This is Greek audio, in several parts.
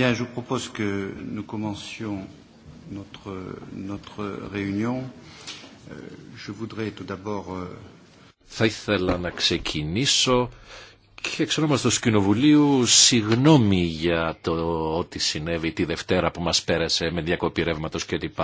Bien, je vous propose que nous commencions notre, notre réunion. Je voudrais tout d'abord... Θα ήθελα να ξεκινήσω και εξ ονόματος του Σκηνοβουλίου συγγνώμη για το ότι συνέβη τη Δευτέρα που μας πέρασε με διακοπή ρεύματο κλπ.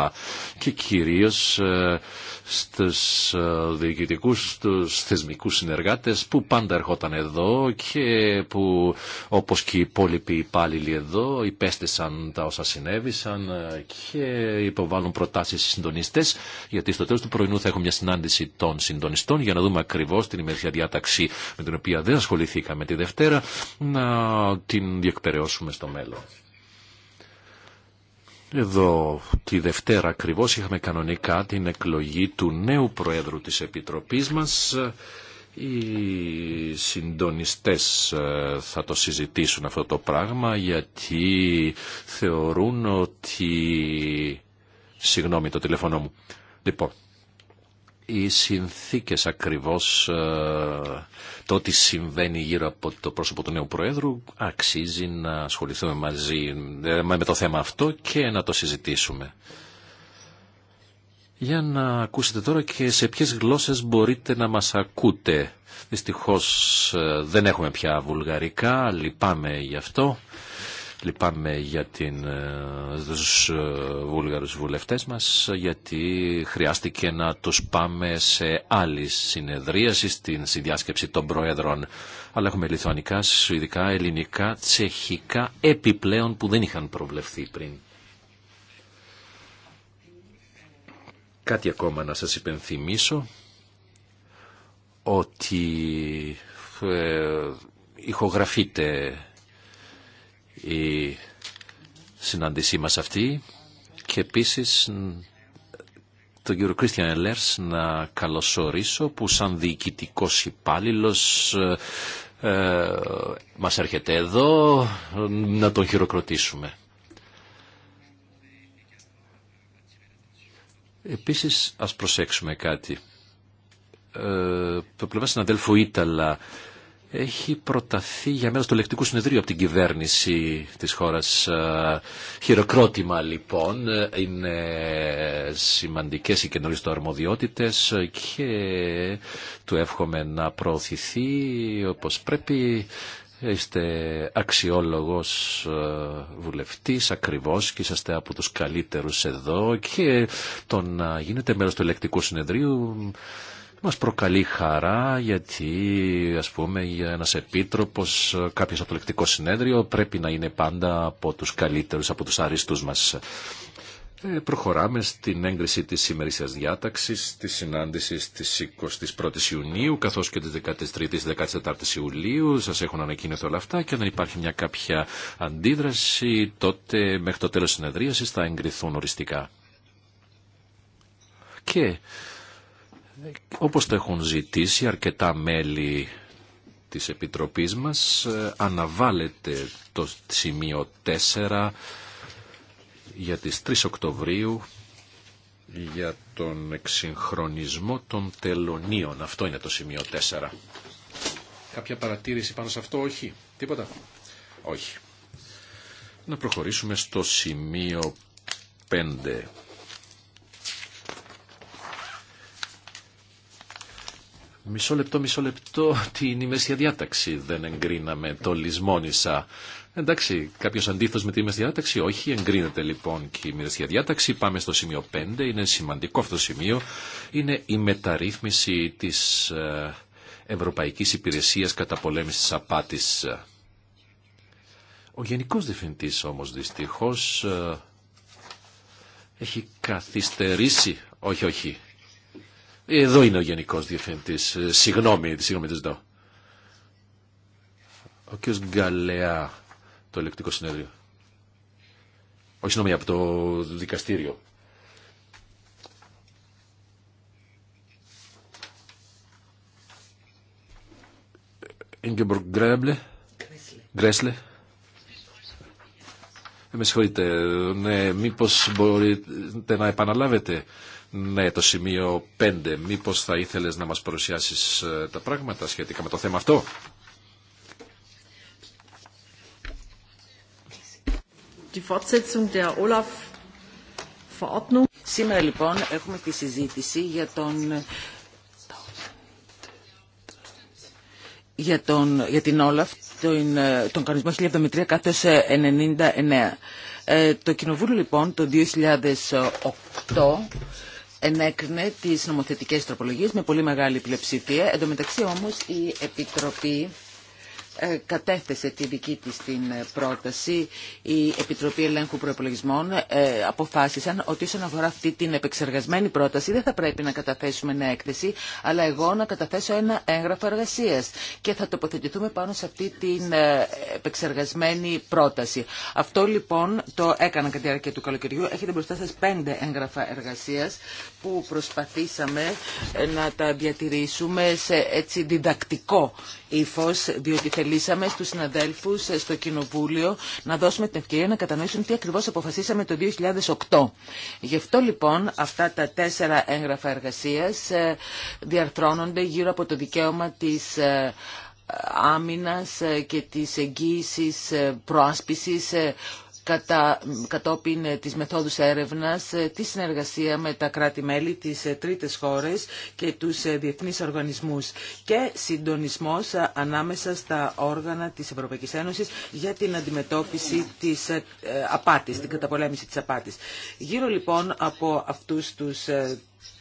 και κυρίως ε, στους ε, διοικητικούς, στους θεσμικούς συνεργάτες που πάντα ερχόταν εδώ και που όπως και οι υπόλοιποι υπάλληλοι εδώ υπέστησαν τα όσα συνέβησαν ε, και υποβάλλουν προτάσεις στις συντονιστές γιατί στο τέλος του πρωινού θα έχουμε μια συνάντηση των συντονιστών για να δούμε ακριβώς την ημερήσια διάταξη με την οποία δεν ασχοληθήκαμε είχαμε τη Δευτέρα να την διεκπαιρεώσουμε στο μέλλον. Εδώ τη Δευτέρα ακριβώς είχαμε κανονικά την εκλογή του νέου Προέδρου της Επιτροπής μας. Οι συντονιστές ε, θα το συζητήσουν αυτό το πράγμα γιατί θεωρούν ότι... Συγγνώμη το τηλεφωνό μου. Λοιπόν, οι συνθήκες ακριβώς ε, το ότι συμβαίνει γύρω από το πρόσωπο του νέου Προέδρου αξίζει να ασχοληθούμε μαζί ε, με το θέμα αυτό και να το συζητήσουμε. Για να ακούσετε τώρα και σε ποιες γλώσσες μπορείτε να μας ακούτε. Δυστυχώς ε, δεν έχουμε πια βουλγαρικά, λυπάμαι γι' αυτό. Λυπάμαι για την, ε, τους ε, βούλγαρους βουλευτές μας γιατί χρειάστηκε να τους πάμε σε άλλη συνεδρίαση στην συνδιάσκεψη των Προέδρων. Αλλά έχουμε λιθουανικά, σουηδικά, ελληνικά, τσεχικά επιπλέον που δεν είχαν προβλεφθεί πριν. Κάτι ακόμα να σας υπενθυμίσω ότι ε, ηχογραφείται η συνάντησή μας αυτή και επίσης τον κύριο Κρίστιαν Ελέρς να καλωσορίσω που σαν διοικητικό υπάλληλο ε, μας έρχεται εδώ να τον χειροκροτήσουμε. Επίσης ας προσέξουμε κάτι. Ε, το πλευρά συναδέλφου Ήταλα έχει προταθεί για μέρος του λεκτικού συνεδρίου από την κυβέρνηση της χώρας. Ε, χειροκρότημα λοιπόν, είναι σημαντικές οι καινούριες του αρμοδιότητες και του εύχομαι να προωθηθεί όπως πρέπει. Είστε αξιόλογος ε, βουλευτής ακριβώς και είσαστε από τους καλύτερους εδώ και το να γίνετε μέρος του ελεκτικού συνεδρίου μας προκαλεί χαρά γιατί ας πούμε για ένας επίτροπος κάποιος απολεκτικό συνέδριο πρέπει να είναι πάντα από τους καλύτερους, από τους αριστούς μας. Ε, προχωράμε στην έγκριση της σημερινής διάταξης, της συνάντησης της 21ης Ιουνίου, καθώς και της 13ης, 14ης Ιουλίου. Σας έχουν ανακοίνωθει όλα αυτά και αν δεν υπάρχει μια κάποια αντίδραση, τότε μέχρι το τέλος συνεδρίασης θα εγκριθούν οριστικά. Και όπως το έχουν ζητήσει αρκετά μέλη της Επιτροπής μας, ε, αναβάλλεται το σημείο 4 για τις 3 Οκτωβρίου για τον εξυγχρονισμό των τελωνίων. Αυτό είναι το σημείο 4. Κάποια παρατήρηση πάνω σε αυτό, όχι. Τίποτα. Όχι. Να προχωρήσουμε στο σημείο 5. Μισό λεπτό, μισό λεπτό, την ημέσια διάταξη δεν εγκρίναμε, το λησμόνισα. Εντάξει, κάποιο αντίθετο με την ημέσια διάταξη, όχι, εγκρίνεται λοιπόν και η ημέσια διάταξη. Πάμε στο σημείο 5, είναι σημαντικό αυτό το σημείο, είναι η μεταρρύθμιση τη ε, Ευρωπαϊκή Υπηρεσία κατά τη Απάτη. Ο Γενικός Διευθυντής όμως δυστυχώ ε, έχει καθυστερήσει, όχι όχι, εδώ είναι ο Γενικός Διευθυντής. Ε, συγγνώμη, συγγνώμη της ζητώ. Ο κ. Γκαλεά, το ελεκτικό συνέδριο. Όχι, συγγνώμη, από το δικαστήριο. Ingeborg Γκρέμπλε. Γκρέσλε. Με συγχωρείτε, ε, ναι, μήπως μπορείτε να επαναλάβετε ναι, το σημείο 5. Μήπως θα ήθελες να μας παρουσιάσεις ε, τα πράγματα σχετικά με το θέμα αυτό. Σήμερα λοιπόν έχουμε τη συζήτηση για τον για, τον, για την Όλαφ, τον, ε, τον κανονισμό 1073 σε 99. το Κοινοβούλιο λοιπόν το 2008 ενέκρινε τις νομοθετικές τροπολογίες με πολύ μεγάλη πλειοψηφία. Εν τω μεταξύ όμως η Επιτροπή ε, κατέθεσε τη δική της την ε, πρόταση η Επιτροπή Ελέγχου Προπολογισμών ε, αποφάσισαν ότι όσον αφορά αυτή την επεξεργασμένη πρόταση δεν θα πρέπει να καταθέσουμε νέα έκθεση αλλά εγώ να καταθέσω ένα έγγραφο εργασία και θα τοποθετηθούμε πάνω σε αυτή την ε, επεξεργασμένη πρόταση. Αυτό λοιπόν το έκανα κατά τη διάρκεια του καλοκαιριού. Έχετε μπροστά σας πέντε έγγραφα εργασία που προσπαθήσαμε να τα διατηρήσουμε σε έτσι διδακτικό ύφο, διότι θελήσαμε στους συναδέλφους ε, στο Κοινοβούλιο να δώσουμε την ευκαιρία να κατανοήσουν τι ακριβώς αποφασίσαμε το 2008. Γι' αυτό λοιπόν αυτά τα τέσσερα έγγραφα εργασίας ε, διαρθρώνονται γύρω από το δικαίωμα της ε, άμυνας και της εγγύησης προάσπισης κατά, κατόπιν ε, της μεθόδους έρευνας ε, τη συνεργασία με τα κράτη-μέλη, της ε, τρίτες χώρες και τους διεθνείς οργανισμούς και συντονισμός ανάμεσα στα όργανα της Ευρωπαϊκής Ένωσης για την αντιμετώπιση της απάτης, την καταπολέμηση της απάτης. Γύρω λοιπόν από αυτούς τους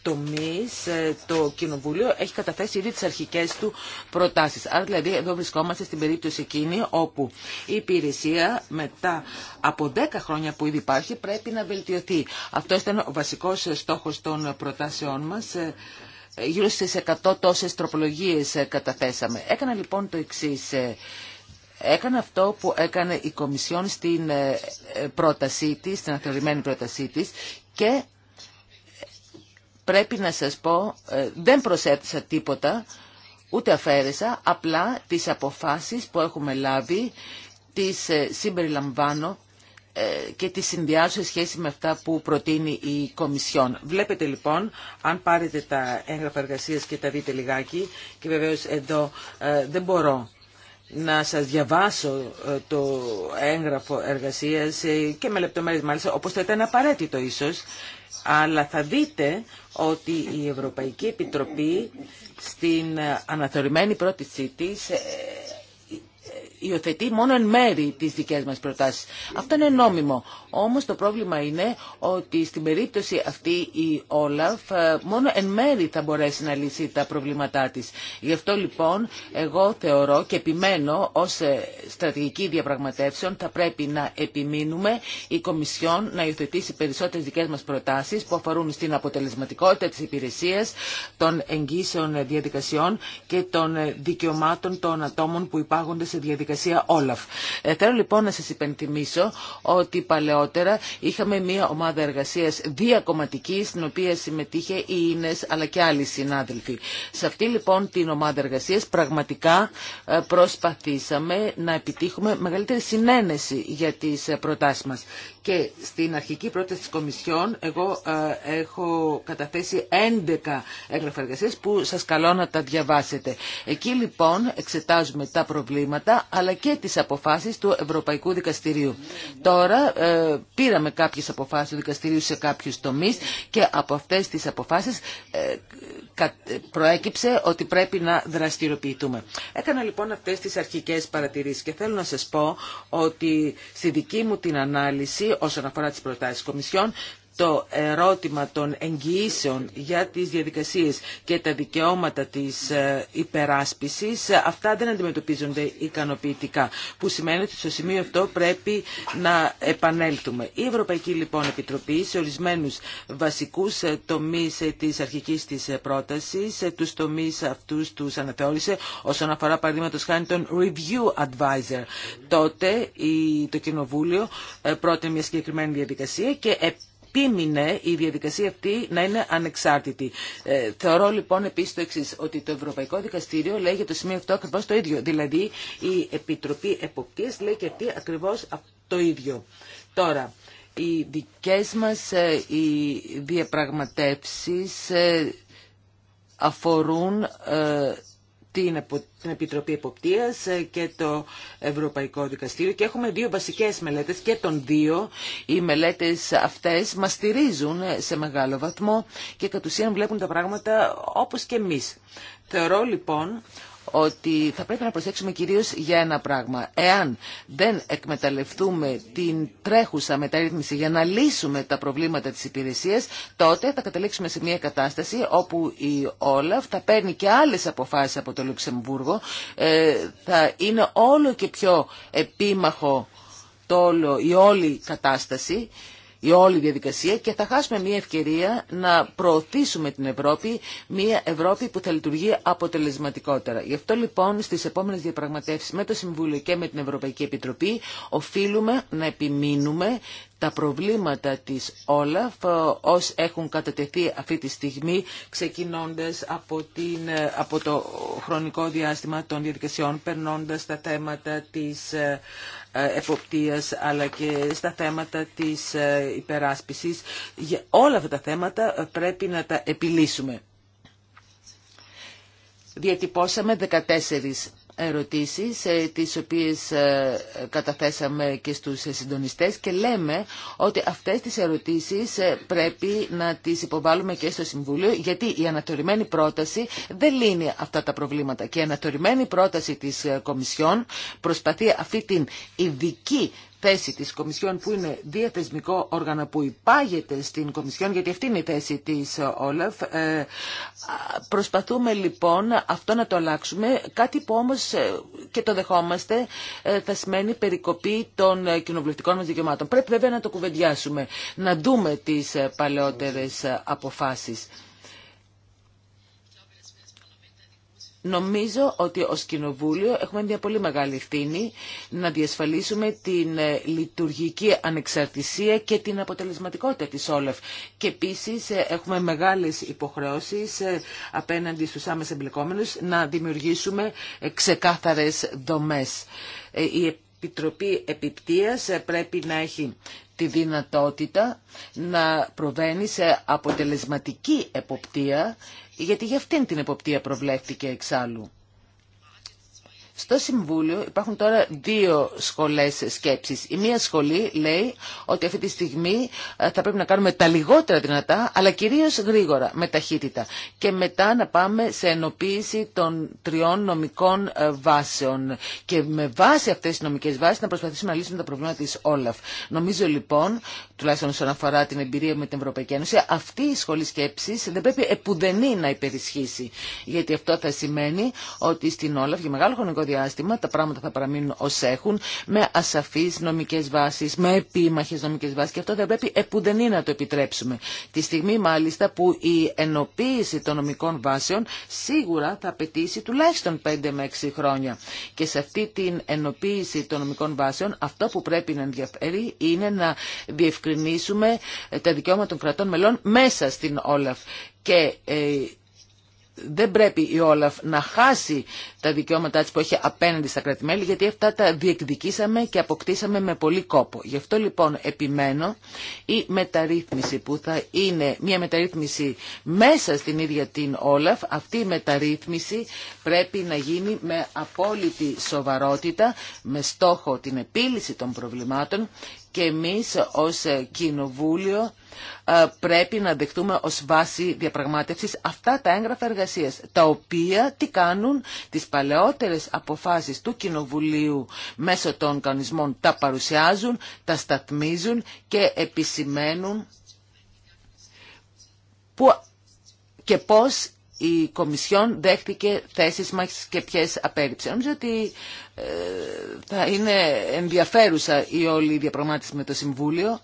τομείς ε, το Κοινοβούλιο έχει καταθέσει ήδη τις αρχικές του προτάσεις. Άρα δηλαδή εδώ βρισκόμαστε στην περίπτωση εκείνη όπου η υπηρεσία μετά από 10 χρόνια που ήδη υπάρχει πρέπει να βελτιωθεί. Αυτό ήταν ο βασικός στόχος των προτάσεών μας. Ε, γύρω στις 100 τόσες τροπολογίες ε, καταθέσαμε. Έκανα λοιπόν το εξής. Έκανε αυτό που έκανε η Κομισιόν στην πρότασή της, στην αναθεωρημένη πρότασή της και πρέπει να σας πω, ε, δεν προσέθεσα τίποτα, ούτε αφαίρεσα, απλά τις αποφάσεις που έχουμε λάβει, τις ε, συμπεριλαμβάνω ε, και τις συνδυάζω σε σχέση με αυτά που προτείνει η Κομισιόν. Βλέπετε λοιπόν, αν πάρετε τα έγγραφα εργασία και τα δείτε λιγάκι, και βεβαίως εδώ δεν μπορώ να σας διαβάσω το έγγραφο εργασίας και με λεπτομέρειες μάλιστα, όπως θα ήταν απαραίτητο ίσως, αλλά θα δείτε ότι η Ευρωπαϊκή Επιτροπή στην αναθεωρημένη πρότησή της ε, υιοθετεί μόνο εν μέρη τις δικές μας προτάσεις. Αυτό είναι νόμιμο. Όμως το πρόβλημα είναι ότι στην περίπτωση αυτή η Όλαφ ε, μόνο εν μέρη θα μπορέσει να λύσει τα προβλήματά της. Γι' αυτό λοιπόν εγώ θεωρώ και επιμένω ως ε, στρατηγική διαπραγματεύσεων θα πρέπει να επιμείνουμε η Κομισιόν να υιοθετήσει περισσότερες δικές μας προτάσεις που αφορούν στην αποτελεσματικότητα της υπηρεσίας, των εγγύσεων διαδικασιών και των ε, δικαιωμάτων των ατόμων που υπάγονται σε διαδικασίες διαδικασία Όλαφ. Ε, θέλω λοιπόν να σας υπενθυμίσω ότι παλαιότερα είχαμε μια ομάδα εργασίας διακομματική στην οποία συμμετείχε η Ίνες αλλά και άλλοι συνάδελφοι. Σε αυτή λοιπόν την ομάδα εργασίας πραγματικά ε, προσπαθήσαμε να επιτύχουμε μεγαλύτερη συνένεση για τις ε, προτάσεις μας. Και στην αρχική πρόταση της Κομισιόν εγώ έχω καταθέσει 11 έγγραφα εργασία που σας καλώ να τα διαβάσετε. Εκεί λοιπόν εξετάζουμε τα προβλήματα αλλά και τις αποφάσεις του Ευρωπαϊκού Δικαστηρίου. Τώρα ε, πήραμε κάποιες αποφάσεις του Δικαστηρίου σε κάποιους τομείς και από αυτές τις αποφάσεις ε, προέκυψε ότι πρέπει να δραστηριοποιηθούμε. Έκανα λοιπόν αυτές τις αρχικές παρατηρήσεις και θέλω να σας πω ότι στη δική μου την ανάλυση όσον αφορά τις προτάσεις Κομισιόν το ερώτημα των εγγυήσεων για τις διαδικασίες και τα δικαιώματα της ε, υπεράσπισης, ε, αυτά δεν αντιμετωπίζονται ικανοποιητικά, που σημαίνει ότι στο σημείο αυτό πρέπει να επανέλθουμε. Η Ευρωπαϊκή λοιπόν Επιτροπή σε ορισμένους βασικούς ε, τομείς της αρχικής της πρότασης, τους τομείς αυτούς τους αναθεώρησε όσον αφορά παραδείγματος χάνει τον Review Advisor. Τότε το Κοινοβούλιο πρότεινε μια συγκεκριμένη διαδικασία και επίμεινε η διαδικασία αυτή να είναι ανεξάρτητη. Ε, θεωρώ λοιπόν επίση το εξή, ότι το Ευρωπαϊκό Δικαστήριο λέει για το σημείο αυτό ακριβώ το ίδιο. Δηλαδή η Επιτροπή Εποπτείας λέει και αυτή ακριβώ το ίδιο. Τώρα, οι δικές μας ε, οι διαπραγματεύσεις ε, αφορούν την Επιτροπή Εποπτείας ε, και το Ευρωπαϊκό Δικαστήριο και έχουμε δύο βασικές μελέτες και των δύο οι μελέτες αυτές μας στηρίζουν ε, σε μεγάλο βαθμό και κατ' ουσίαν βλέπουν τα πράγματα όπως και εμείς. Θεωρώ λοιπόν ότι θα πρέπει να προσέξουμε κυρίως για ένα πράγμα. Εάν δεν εκμεταλλευτούμε την τρέχουσα μεταρρύθμιση για να λύσουμε τα προβλήματα της υπηρεσίας, τότε θα καταλήξουμε σε μια κατάσταση όπου η Όλαφ θα παίρνει και άλλες αποφάσεις από το Λουξεμβούργο, ε, θα είναι όλο και πιο επίμαχο το όλο, η όλη κατάσταση η όλη διαδικασία και θα χάσουμε μια ευκαιρία να προωθήσουμε την Ευρώπη, μια Ευρώπη που θα λειτουργεί αποτελεσματικότερα. Γι' αυτό λοιπόν στις επόμενες διαπραγματεύσεις με το Συμβούλιο και με την Ευρωπαϊκή Επιτροπή οφείλουμε να επιμείνουμε τα προβλήματα της Όλαφ ε, ως έχουν κατατεθεί αυτή τη στιγμή ξεκινώντας από, την, ε, από το χρονικό διάστημα των διαδικασιών περνώντας τα θέματα της ε, εποπτείας αλλά και στα θέματα της υπεράσπισης. όλα αυτά τα θέματα πρέπει να τα επιλύσουμε. Διατυπώσαμε 14 ερωτήσεις ε, τις οποίες ε, καταθέσαμε και στους συντονιστές και λέμε ότι αυτές τις ερωτήσεις ε, πρέπει να τις υποβάλουμε και στο Συμβούλιο γιατί η ανατορημένη πρόταση δεν λύνει αυτά τα προβλήματα και η ανατορημένη πρόταση της Κομισιόν προσπαθεί αυτή την ειδική θέση της Κομισιόν που είναι διαθεσμικό όργανο που υπάγεται στην Κομισιόν, γιατί αυτή είναι η θέση της ε, Όλαφ. Ε, προσπαθούμε λοιπόν αυτό να το αλλάξουμε, κάτι που όμως ε, και το δεχόμαστε θα σημαίνει περικοπή των κοινοβουλευτικών μας δικαιωμάτων. Πρέπει βέβαια να το κουβεντιάσουμε, να δούμε τις παλαιότερες αποφάσεις. Νομίζω ότι ως Κοινοβούλιο έχουμε μια πολύ μεγάλη ευθύνη να διασφαλίσουμε την ε, λειτουργική ανεξαρτησία και την αποτελεσματικότητα της Όλεφ. Και επίσης ε, έχουμε μεγάλες υποχρεώσεις ε, απέναντι στους άμεσα εμπλεκόμενους να δημιουργήσουμε ξεκάθαρες δομές. Η Επιτροπή Επιπτίας πρέπει να έχει τη δυνατότητα να προβαίνει σε αποτελεσματική εποπτεία γιατί για αυτήν την εποπτεία προβλέφθηκε εξάλλου. Στο Συμβούλιο υπάρχουν τώρα δύο σχολές σκέψης. Η μία σχολή λέει ότι αυτή τη στιγμή ε, θα πρέπει να κάνουμε τα λιγότερα δυνατά, αλλά κυρίως γρήγορα, με ταχύτητα. Και μετά να πάμε σε ενοποίηση των τριών νομικών ε, βάσεων. Και με βάση αυτές τις νομικές βάσεις να προσπαθήσουμε να λύσουμε τα προβλήματα της Όλαφ. Νομίζω λοιπόν, τουλάχιστον όσον αφορά την εμπειρία με την Ευρωπαϊκή Ένωση, αυτή η σχολή σκέψη δεν πρέπει επουδενή να υπερισχύσει. Γιατί αυτό θα σημαίνει ότι στην Όλαφ για μεγάλο χρονικό διάστημα τα πράγματα θα παραμείνουν ως έχουν με ασαφείς νομικές βάσεις, με επίμαχες νομικές βάσεις και αυτό ε, δεν πρέπει επουδενή να το επιτρέψουμε. Τη στιγμή μάλιστα που η ενοποίηση των νομικών βάσεων σίγουρα θα απαιτήσει τουλάχιστον 5 με 6 χρόνια. Και σε αυτή την ενοποίηση των νομικών βάσεων αυτό που πρέπει να ενδιαφέρει είναι να διευκρινίσουμε τα δικαιώματα των κρατών μελών μέσα στην Όλαφ. Και ε, δεν πρέπει η Όλαφ να χάσει τα δικαιώματά της που έχει απέναντι στα κρατημέλη γιατί αυτά τα διεκδικήσαμε και αποκτήσαμε με πολύ κόπο. Γι' αυτό λοιπόν επιμένω η μεταρρύθμιση που θα είναι μια μεταρρύθμιση μέσα στην ίδια την Όλαφ αυτή η μεταρρύθμιση πρέπει να γίνει με απόλυτη σοβαρότητα με στόχο την επίλυση των προβλημάτων και εμείς ως κοινοβούλιο ε, πρέπει να δεχτούμε ως βάση διαπραγμάτευσης αυτά τα έγγραφα εργασίας, τα οποία τι κάνουν τις παλαιότερες αποφάσεις του Κοινοβουλίου μέσω των κανονισμών, τα παρουσιάζουν, τα σταθμίζουν και επισημαίνουν που και πώς η Κομισιόν δέχτηκε θέσεις μας και ποιες απέριψε. Νομίζω ότι ε, θα είναι ενδιαφέρουσα η όλη διαπραγμάτευση με το Συμβούλιο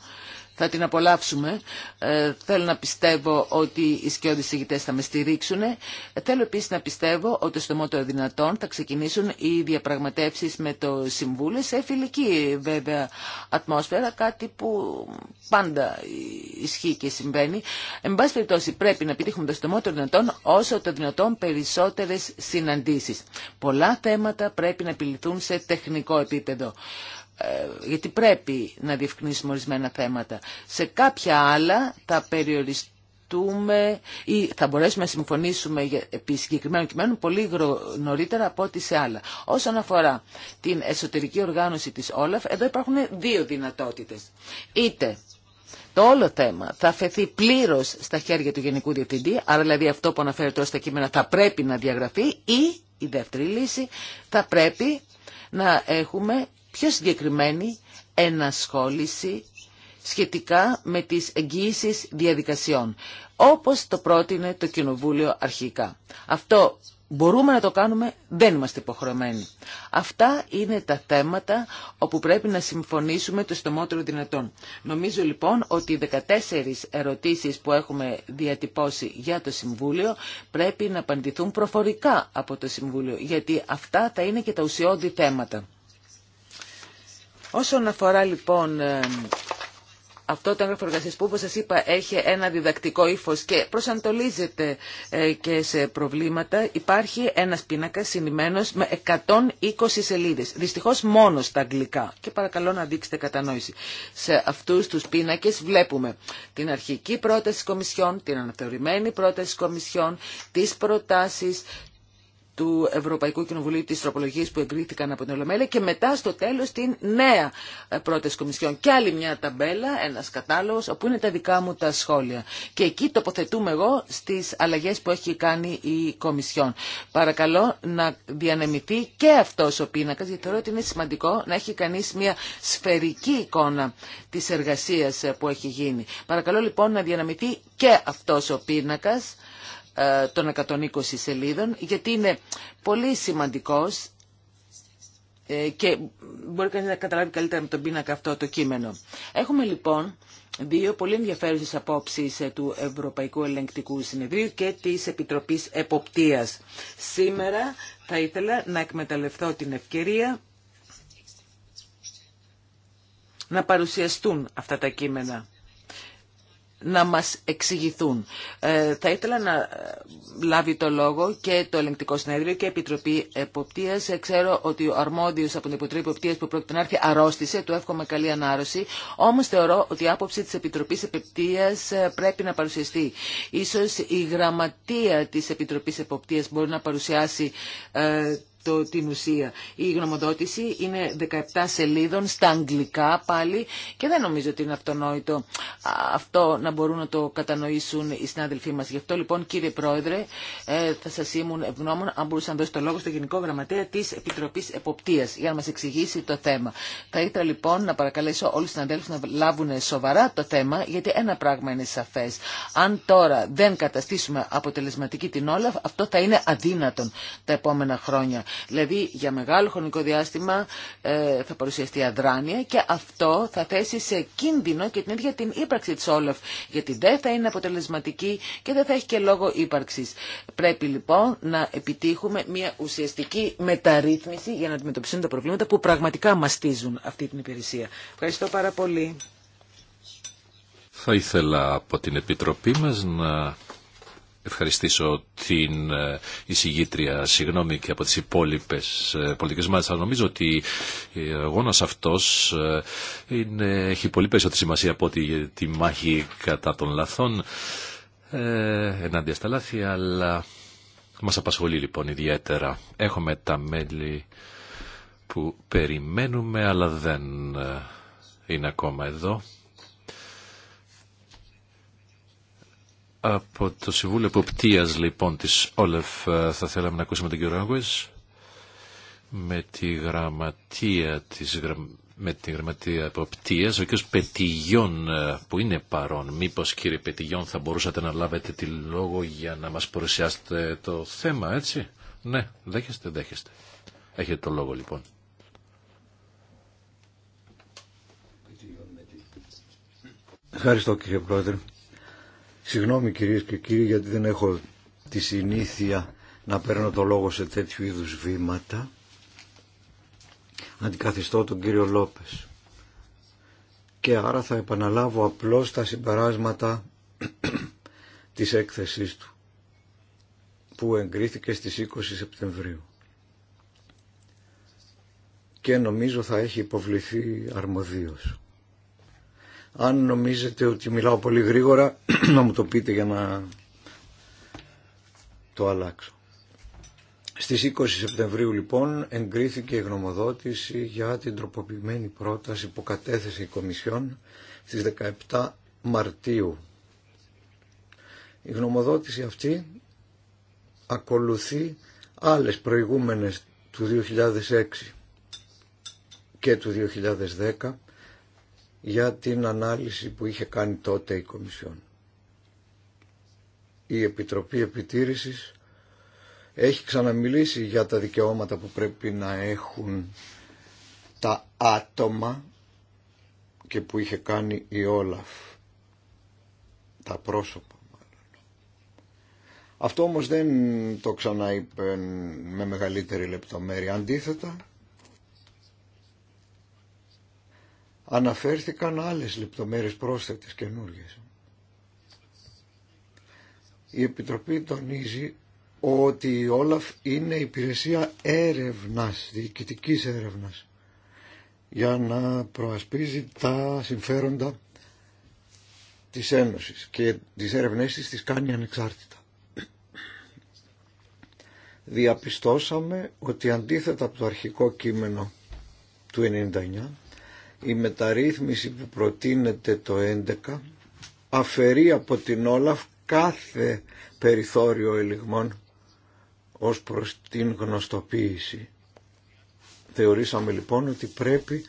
θα την απολαύσουμε. Ε, θέλω να πιστεύω ότι οι σκιώδεις ηγητές θα με στηρίξουν. Ε, θέλω επίσης να πιστεύω ότι στο μότο δυνατόν θα ξεκινήσουν οι διαπραγματεύσεις με το Συμβούλιο σε φιλική βέβαια ατμόσφαιρα, κάτι που πάντα ισχύει και συμβαίνει. Εν πάση περιπτώσει πρέπει να επιτύχουμε το μότο δυνατόν όσο το δυνατόν περισσότερες συναντήσεις. Πολλά θέματα πρέπει να επιληθούν σε τεχνικό επίπεδο. Ε, γιατί πρέπει να διευκρινίσουμε ορισμένα θέματα. Σε κάποια άλλα θα περιοριστούμε ή θα μπορέσουμε να συμφωνήσουμε επί συγκεκριμένων κειμένων πολύ νωρίτερα από ό,τι σε άλλα. Όσον αφορά την εσωτερική οργάνωση της Όλαφ, εδώ υπάρχουν δύο δυνατότητες. Είτε το όλο θέμα θα αφαιθεί πλήρω στα χέρια του Γενικού Διευθυντή, άρα δηλαδή αυτό που αναφέρεται ω τα κείμενα θα πρέπει να διαγραφεί ή η δεύτερη λύση θα πρέπει να έχουμε πιο συγκεκριμένη ενασχόληση σχετικά με τις εγγύησεις διαδικασιών, όπως το πρότεινε το Κοινοβούλιο αρχικά. Αυτό μπορούμε να το κάνουμε, δεν είμαστε υποχρεωμένοι. Αυτά είναι τα θέματα όπου πρέπει να συμφωνήσουμε το στομότερο δυνατόν. Νομίζω λοιπόν ότι οι 14 ερωτήσεις που έχουμε διατυπώσει για το Συμβούλιο πρέπει να απαντηθούν προφορικά από το Συμβούλιο, γιατί αυτά θα είναι και τα ουσιώδη θέματα. Όσον αφορά λοιπόν ε, αυτό το έγγραφο εργασία που όπως σας είπα έχει ένα διδακτικό ύφος και προσανατολίζεται ε, και σε προβλήματα υπάρχει ένας πίνακας συνημένος με 120 σελίδες δυστυχώς μόνο στα αγγλικά και παρακαλώ να δείξετε κατανόηση σε αυτούς τους πίνακες βλέπουμε την αρχική πρόταση κομισιών, την αναθεωρημένη πρόταση της τις του Ευρωπαϊκού Κοινοβουλίου τη Τροπολογία που εγκρίθηκαν από την Ολομέλεια και μετά στο τέλος την νέα ε, πρόταση Κομισιόν. Και άλλη μια ταμπέλα, ένας κατάλογος, όπου είναι τα δικά μου τα σχόλια. Και εκεί τοποθετούμε εγώ στις αλλαγές που έχει κάνει η Κομισιόν. Παρακαλώ να διανεμηθεί και αυτός ο πίνακας, γιατί θεωρώ ότι είναι σημαντικό να έχει κανείς μια σφαιρική εικόνα της εργασίας ε, που έχει γίνει. Παρακαλώ λοιπόν να διανεμηθεί και αυτός ο πίνακας ε, των 120 σελίδων, γιατί είναι πολύ σημαντικός ε, και μπορεί κανείς να καταλάβει καλύτερα με τον πίνακα αυτό το κείμενο. Έχουμε λοιπόν δύο πολύ ενδιαφέρουσες απόψεις ε, του Ευρωπαϊκού Ελεγκτικού Συνεδρίου και της Επιτροπής Εποπτείας. Σήμερα θα ήθελα να εκμεταλλευτώ την ευκαιρία να παρουσιαστούν αυτά τα κείμενα να μας εξηγηθούν. Ε, θα ήθελα να ε, λάβει το λόγο και το Ελεγκτικό Συνέδριο και η Επιτροπή Εποπτείας. Ε, ξέρω ότι ο αρμόδιος από την Επιτροπή Εποπτείας που πρόκειται να έρθει αρρώστησε, του εύχομαι καλή ανάρρωση, όμως θεωρώ ότι η άποψη της Επιτροπής Εποπτείας ε, πρέπει να παρουσιαστεί. Ίσως η γραμματεία της Επιτροπής Εποπτείας μπορεί να παρουσιάσει το, την ουσία. Η γνωμοδότηση είναι 17 σελίδων στα αγγλικά πάλι και δεν νομίζω ότι είναι αυτονόητο αυτό να μπορούν να το κατανοήσουν οι συνάδελφοί μας. Γι' αυτό λοιπόν κύριε Πρόεδρε ε, θα σας ήμουν ευγνώμων αν μπορούσα να δώσω το λόγο στο Γενικό Γραμματέα της Επιτροπής Εποπτείας για να μας εξηγήσει το θέμα. Θα ήθελα λοιπόν να παρακαλέσω όλους τους συναδέλφους να λάβουν σοβαρά το θέμα γιατί ένα πράγμα είναι σαφές. Αν τώρα δεν καταστήσουμε αποτελεσματική την όλα αυτό θα είναι αδύνατον τα επόμενα χρόνια. Δηλαδή για μεγάλο χρονικό διάστημα ε, θα παρουσιαστεί αδράνεια και αυτό θα θέσει σε κίνδυνο και την ίδια την ύπαρξη της Όλαφ γιατί δεν θα είναι αποτελεσματική και δεν θα έχει και λόγο ύπαρξης. Πρέπει λοιπόν να επιτύχουμε μια ουσιαστική μεταρρύθμιση για να αντιμετωπιστούν τα προβλήματα που πραγματικά μαστίζουν αυτή την υπηρεσία. Ευχαριστώ πάρα πολύ. Θα ήθελα από την Επιτροπή μας να ευχαριστήσω την ε, εισηγήτρια, συγγνώμη και από τις υπόλοιπες ε, πολιτικές μάδες. Αλλά νομίζω ότι ε, ο αγώνας αυτός είναι, έχει πολύ περισσότερη σημασία από τη, τη μάχη κατά των λαθών ε, ενάντια στα λάθη, αλλά μας απασχολεί λοιπόν ιδιαίτερα. Έχουμε τα μέλη που περιμένουμε, αλλά δεν είναι ακόμα εδώ. Από το Συμβούλιο Εποπτείας λοιπόν της Όλεφ ε, θα θέλαμε να ακούσουμε τον κύριο με τη γραμματεία της με τη γραμματεία εποπτείας, ο κύριος Πετιγιών ε, που είναι παρόν. Μήπως κύριε Πετιγιών θα μπορούσατε να λάβετε τη λόγο για να μας παρουσιάσετε το θέμα, έτσι. Ναι, δέχεστε, δέχεστε. Έχετε το λόγο λοιπόν. Ευχαριστώ κύριε Πρόεδρε. Συγγνώμη κυρίες και κύριοι γιατί δεν έχω τη συνήθεια να παίρνω το λόγο σε τέτοιου είδους βήματα. Αντικαθιστώ τον κύριο Λόπες. Και άρα θα επαναλάβω απλώς τα συμπεράσματα της έκθεσής του που εγκρίθηκε στις 20 Σεπτεμβρίου. Και νομίζω θα έχει υποβληθεί αρμοδίως. Αν νομίζετε ότι μιλάω πολύ γρήγορα, να μου το πείτε για να το αλλάξω. Στις 20 Σεπτεμβρίου λοιπόν εγκρίθηκε η γνωμοδότηση για την τροποποιημένη πρόταση που κατέθεσε η Κομισιόν στις 17 Μαρτίου. Η γνωμοδότηση αυτή ακολουθεί άλλες προηγούμενες του 2006 και του 2010 για την ανάλυση που είχε κάνει τότε η Κομισιόν. Η Επιτροπή Επιτήρησης έχει ξαναμιλήσει για τα δικαιώματα που πρέπει να έχουν τα άτομα και που είχε κάνει η Όλαφ, τα πρόσωπα μάλλον. Αυτό όμως δεν το ξαναείπε με μεγαλύτερη λεπτομέρεια. Αντίθετα, αναφέρθηκαν άλλες λεπτομέρειες πρόσθετες καινούριε. Η Επιτροπή τονίζει ότι η Όλαφ είναι υπηρεσία έρευνας, διοικητικής έρευνας, για να προασπίζει τα συμφέροντα της Ένωσης και τις έρευνές της τις κάνει ανεξάρτητα. Διαπιστώσαμε ότι αντίθετα από το αρχικό κείμενο του 99, η μεταρρύθμιση που προτείνεται το 11 αφαιρεί από την Όλαφ κάθε περιθώριο ελιγμών ως προς την γνωστοποίηση. Θεωρήσαμε λοιπόν ότι πρέπει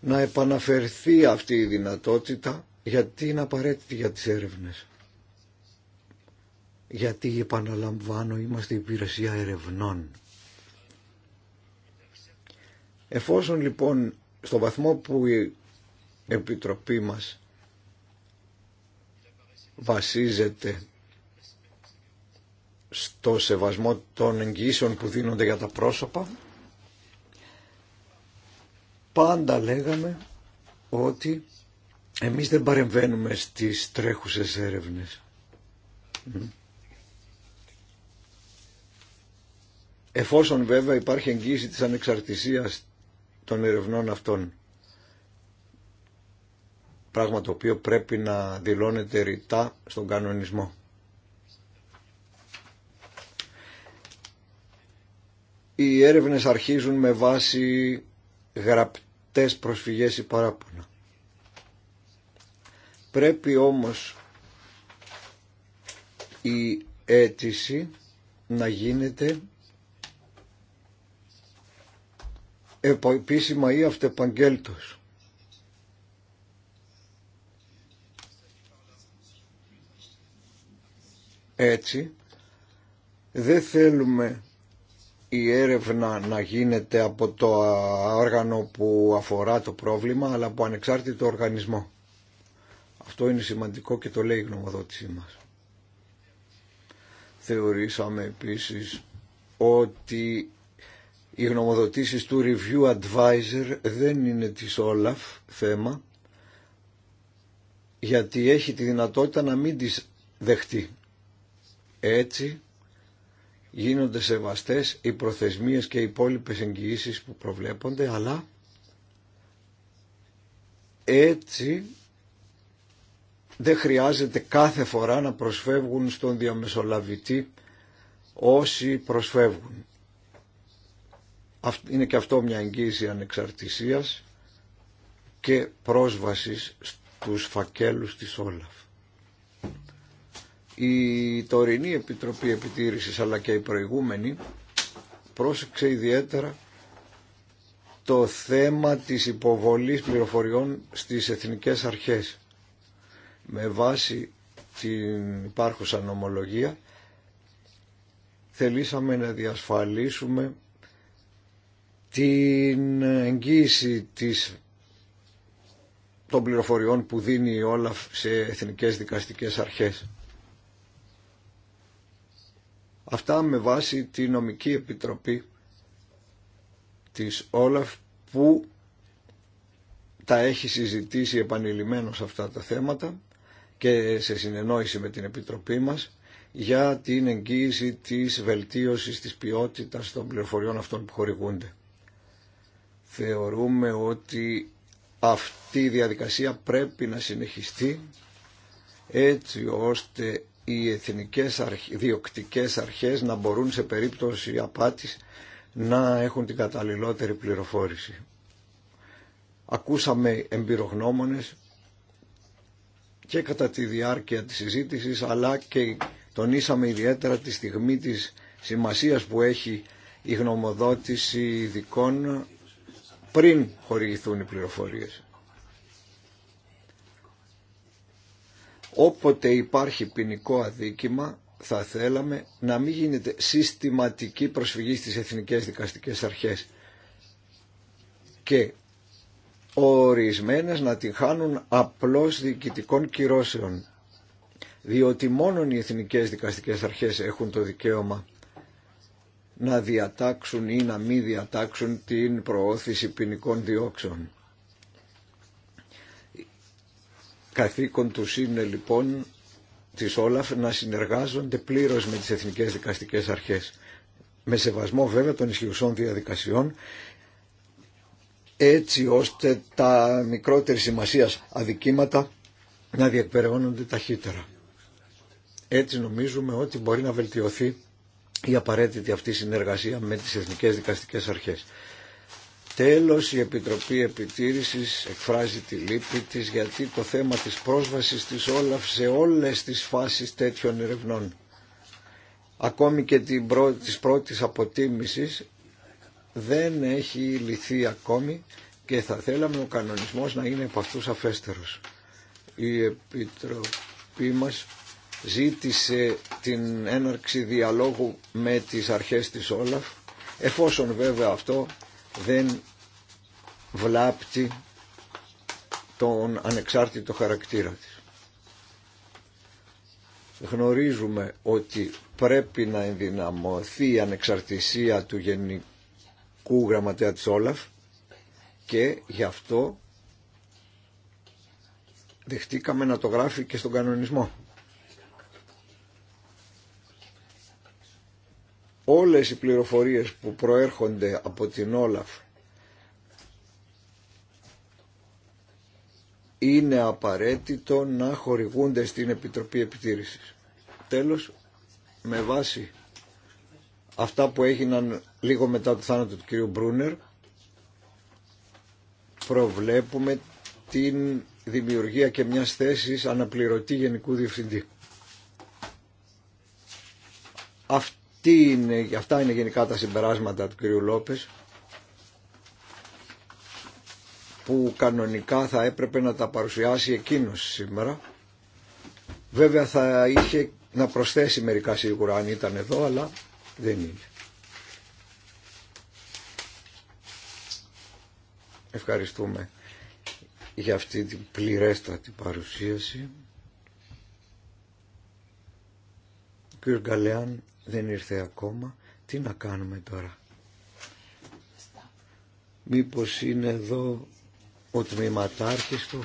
να επαναφερθεί αυτή η δυνατότητα γιατί είναι απαραίτητη για τις έρευνες. Γιατί επαναλαμβάνω είμαστε υπηρεσία ερευνών. Εφόσον λοιπόν στο βαθμό που η Επιτροπή μας βασίζεται στο σεβασμό των εγγύσεων που δίνονται για τα πρόσωπα πάντα λέγαμε ότι εμείς δεν παρεμβαίνουμε στις τρέχουσες έρευνες. Εφόσον βέβαια υπάρχει εγγύηση της ανεξαρτησίας των ερευνών αυτών. Πράγμα το οποίο πρέπει να δηλώνεται ρητά στον κανονισμό. Οι έρευνες αρχίζουν με βάση γραπτές προσφυγές ή παράπονα. Πρέπει όμως η αίτηση να γίνεται επίσημα ή αυτεπαγγέλτος. Έτσι, δεν θέλουμε η έρευνα να γίνεται από το όργανο που αφορά το πρόβλημα, αλλά από ανεξάρτητο οργανισμό. Αυτό είναι σημαντικό και το λέει η γνωμοδότησή μας. Θεωρήσαμε επίσης ότι οι γνωμοδοτήσεις του Review Advisor δεν είναι της Όλαφ θέμα, γιατί έχει τη δυνατότητα να μην τις δεχτεί. Έτσι γίνονται σεβαστές οι προθεσμίες και οι υπόλοιπε εγγυήσει που προβλέπονται, αλλά έτσι δεν χρειάζεται κάθε φορά να προσφεύγουν στον διαμεσολαβητή όσοι προσφεύγουν. Είναι και αυτό μια εγγύηση ανεξαρτησίας και πρόσβασης στους φακέλους της Όλαφ. Η τωρινή Επιτροπή Επιτήρησης αλλά και η προηγούμενη πρόσεξε ιδιαίτερα το θέμα της υποβολής πληροφοριών στις εθνικές αρχές. Με βάση την υπάρχουσα νομολογία θελήσαμε να διασφαλίσουμε την εγγύηση της, των πληροφοριών που δίνει η Όλαφ σε εθνικές δικαστικές αρχές. Αυτά με βάση τη νομική επιτροπή της Όλαφ που τα έχει συζητήσει επανειλημμένως αυτά τα θέματα και σε συνεννόηση με την Επιτροπή μας για την εγγύηση της βελτίωσης της ποιότητας των πληροφοριών αυτών που χορηγούνται. Θεωρούμε ότι αυτή η διαδικασία πρέπει να συνεχιστεί έτσι ώστε οι εθνικές διοκτικές αρχές να μπορούν σε περίπτωση απάτης να έχουν την καταλληλότερη πληροφόρηση. Ακούσαμε εμπειρογνώμονες και κατά τη διάρκεια της συζήτησης αλλά και τονίσαμε ιδιαίτερα τη στιγμή της σημασίας που έχει η γνωμοδότηση ειδικών πριν χορηγηθούν οι πληροφορίες. Όποτε υπάρχει ποινικό αδίκημα θα θέλαμε να μην γίνεται συστηματική προσφυγή στις εθνικές δικαστικές αρχές και ορισμένες να την χάνουν απλώς διοικητικών κυρώσεων διότι μόνο οι εθνικές δικαστικές αρχές έχουν το δικαίωμα να διατάξουν ή να μην διατάξουν την προώθηση ποινικών διώξεων. Καθήκον τους είναι λοιπόν της Όλαφ να συνεργάζονται πλήρως με τις εθνικές δικαστικές αρχές. Με σεβασμό βέβαια των ισχυουσών διαδικασιών έτσι ώστε τα μικρότερη σημασία αδικήματα να διεκπεραιώνονται ταχύτερα. Έτσι νομίζουμε ότι μπορεί να βελτιωθεί η απαραίτητη αυτή συνεργασία με τις Εθνικές Δικαστικές Αρχές. Τέλος, η Επιτροπή Επιτήρησης εκφράζει τη λύπη της γιατί το θέμα της πρόσβασης της Όλαφ σε όλες τις φάσεις τέτοιων ερευνών, ακόμη και την της πρώτης αποτίμησης, δεν έχει λυθεί ακόμη και θα θέλαμε ο κανονισμός να είναι από αυτούς αφέστερος. Η Επιτροπή μας ζήτησε την έναρξη διαλόγου με τις αρχές της Όλαφ εφόσον βέβαια αυτό δεν βλάπτει τον ανεξάρτητο χαρακτήρα της. Γνωρίζουμε ότι πρέπει να ενδυναμωθεί η ανεξαρτησία του Γενικού Γραμματέα της Όλαφ και γι' αυτό δεχτήκαμε να το γράφει και στον κανονισμό. όλες οι πληροφορίες που προέρχονται από την Όλαφ είναι απαραίτητο να χορηγούνται στην Επιτροπή Επιτήρησης. Τέλος, με βάση αυτά που έγιναν λίγο μετά το θάνατο του κυρίου Μπρούνερ, προβλέπουμε την δημιουργία και μιας θέσης αναπληρωτή Γενικού Διευθυντή. Αυτό είναι, αυτά είναι γενικά τα συμπεράσματα του κ. Λόπες που κανονικά θα έπρεπε να τα παρουσιάσει εκείνος σήμερα. Βέβαια θα είχε να προσθέσει μερικά σίγουρα αν ήταν εδώ, αλλά δεν είναι. Ευχαριστούμε για αυτή την πληρέστατη παρουσίαση. Ο δεν ήρθε ακόμα. Τι να κάνουμε τώρα. Μήπως είναι εδώ ο τμήματάρχης του.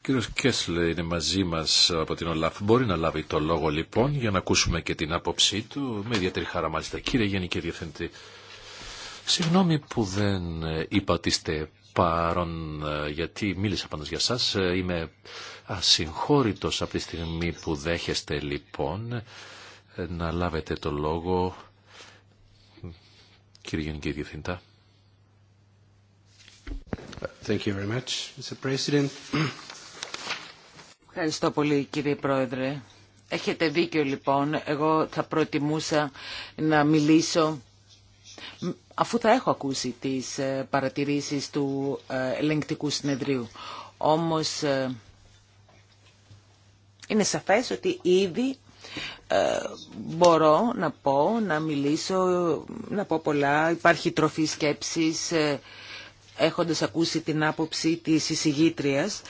κύριος Κέσλε είναι μαζί μας από την ΟΛΑΦ. Μπορεί να λάβει το λόγο λοιπόν για να ακούσουμε και την άποψή του. Με ιδιαίτερη χαρά μάλιστα. Κύριε Γενική Διευθυντή, συγγνώμη που δεν είπα ότι είστε παρόν ε, γιατί μίλησα πάντως για σας. Ε, είμαι ασυγχώρητος από τη στιγμή που δέχεστε λοιπόν ε, να λάβετε το λόγο κύριε Γενική Διευθυντά. Thank you very much, President. Ευχαριστώ πολύ κύριε Πρόεδρε. Έχετε δίκιο λοιπόν. Εγώ θα προτιμούσα να μιλήσω αφού θα έχω ακούσει τις ε, παρατηρήσεις του ε, ελεγκτικού συνεδρίου. Όμως ε, είναι σαφές ότι ήδη μπορώ να πω, να μιλήσω, να πω πολλά. Υπάρχει τροφή σκέψης έχοντας ακούσει την άποψη της εισηγήτριας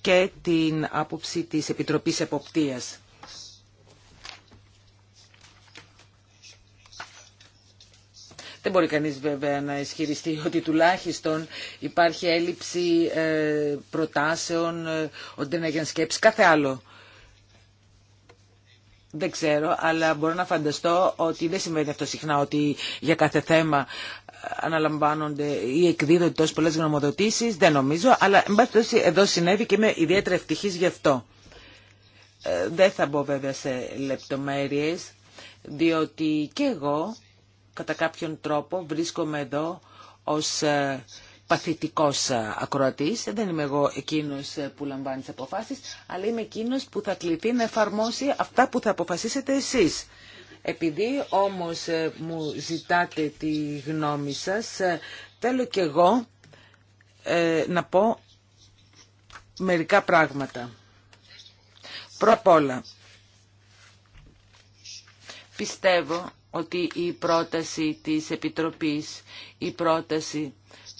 και την άποψη της Επιτροπής Εποπτείας. Δεν μπορεί κανείς βέβαια να ισχυριστεί ότι τουλάχιστον υπάρχει έλλειψη ε, προτάσεων, ε, ότι δεν έγιναν σκέψη κάθε άλλο. Δεν ξέρω, αλλά μπορώ να φανταστώ ότι δεν συμβαίνει αυτό συχνά, ότι για κάθε θέμα ε, αναλαμβάνονται ή εκδίδονται τόσο πολλές γνωμοδοτήσεις, δεν νομίζω, αλλά εδώ συνέβη και είμαι ιδιαίτερα ευτυχής γι' αυτό. Δεν θα μπω βέβαια σε λεπτομέρειες, διότι και εγώ κατά κάποιον τρόπο βρίσκομαι εδώ ως ε, παθητικός ε, ακροατής. Δεν είμαι εγώ εκείνος ε, που λαμβάνει τις αποφάσεις, αλλά είμαι εκείνος που θα κληθεί να εφαρμόσει αυτά που θα αποφασίσετε εσείς. Επειδή όμως μου ζητάτε τη γνώμη σας, θέλω και εγώ να πω μερικά πράγματα. Πρώτα απ' όλα, πιστεύω ότι η πρόταση της Επιτροπής, η πρόταση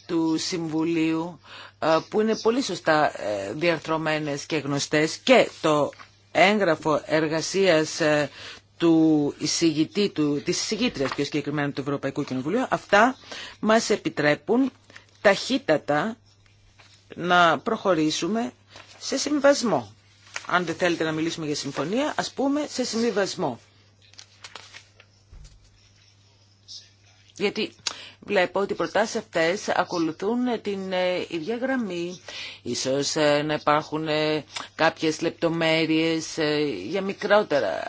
του Συμβουλίου, ε, που είναι πολύ σωστά ε, διαρθρωμένες και γνωστές, και το έγγραφο εργασίας ε, του εισηγητή, του, της εισηγήτριας πιο συγκεκριμένα του Ευρωπαϊκού Κοινοβουλίου, αυτά μας επιτρέπουν ταχύτατα να προχωρήσουμε σε συμβασμό. Αν δεν θέλετε να μιλήσουμε για συμφωνία, ας πούμε σε συμβιβασμό. Γιατί βλέπω ότι οι προτάσεις αυτές ακολουθούν την ε, ίδια γραμμή. Ίσως ε, να υπάρχουν ε, κάποιες λεπτομέρειες για μικρότερα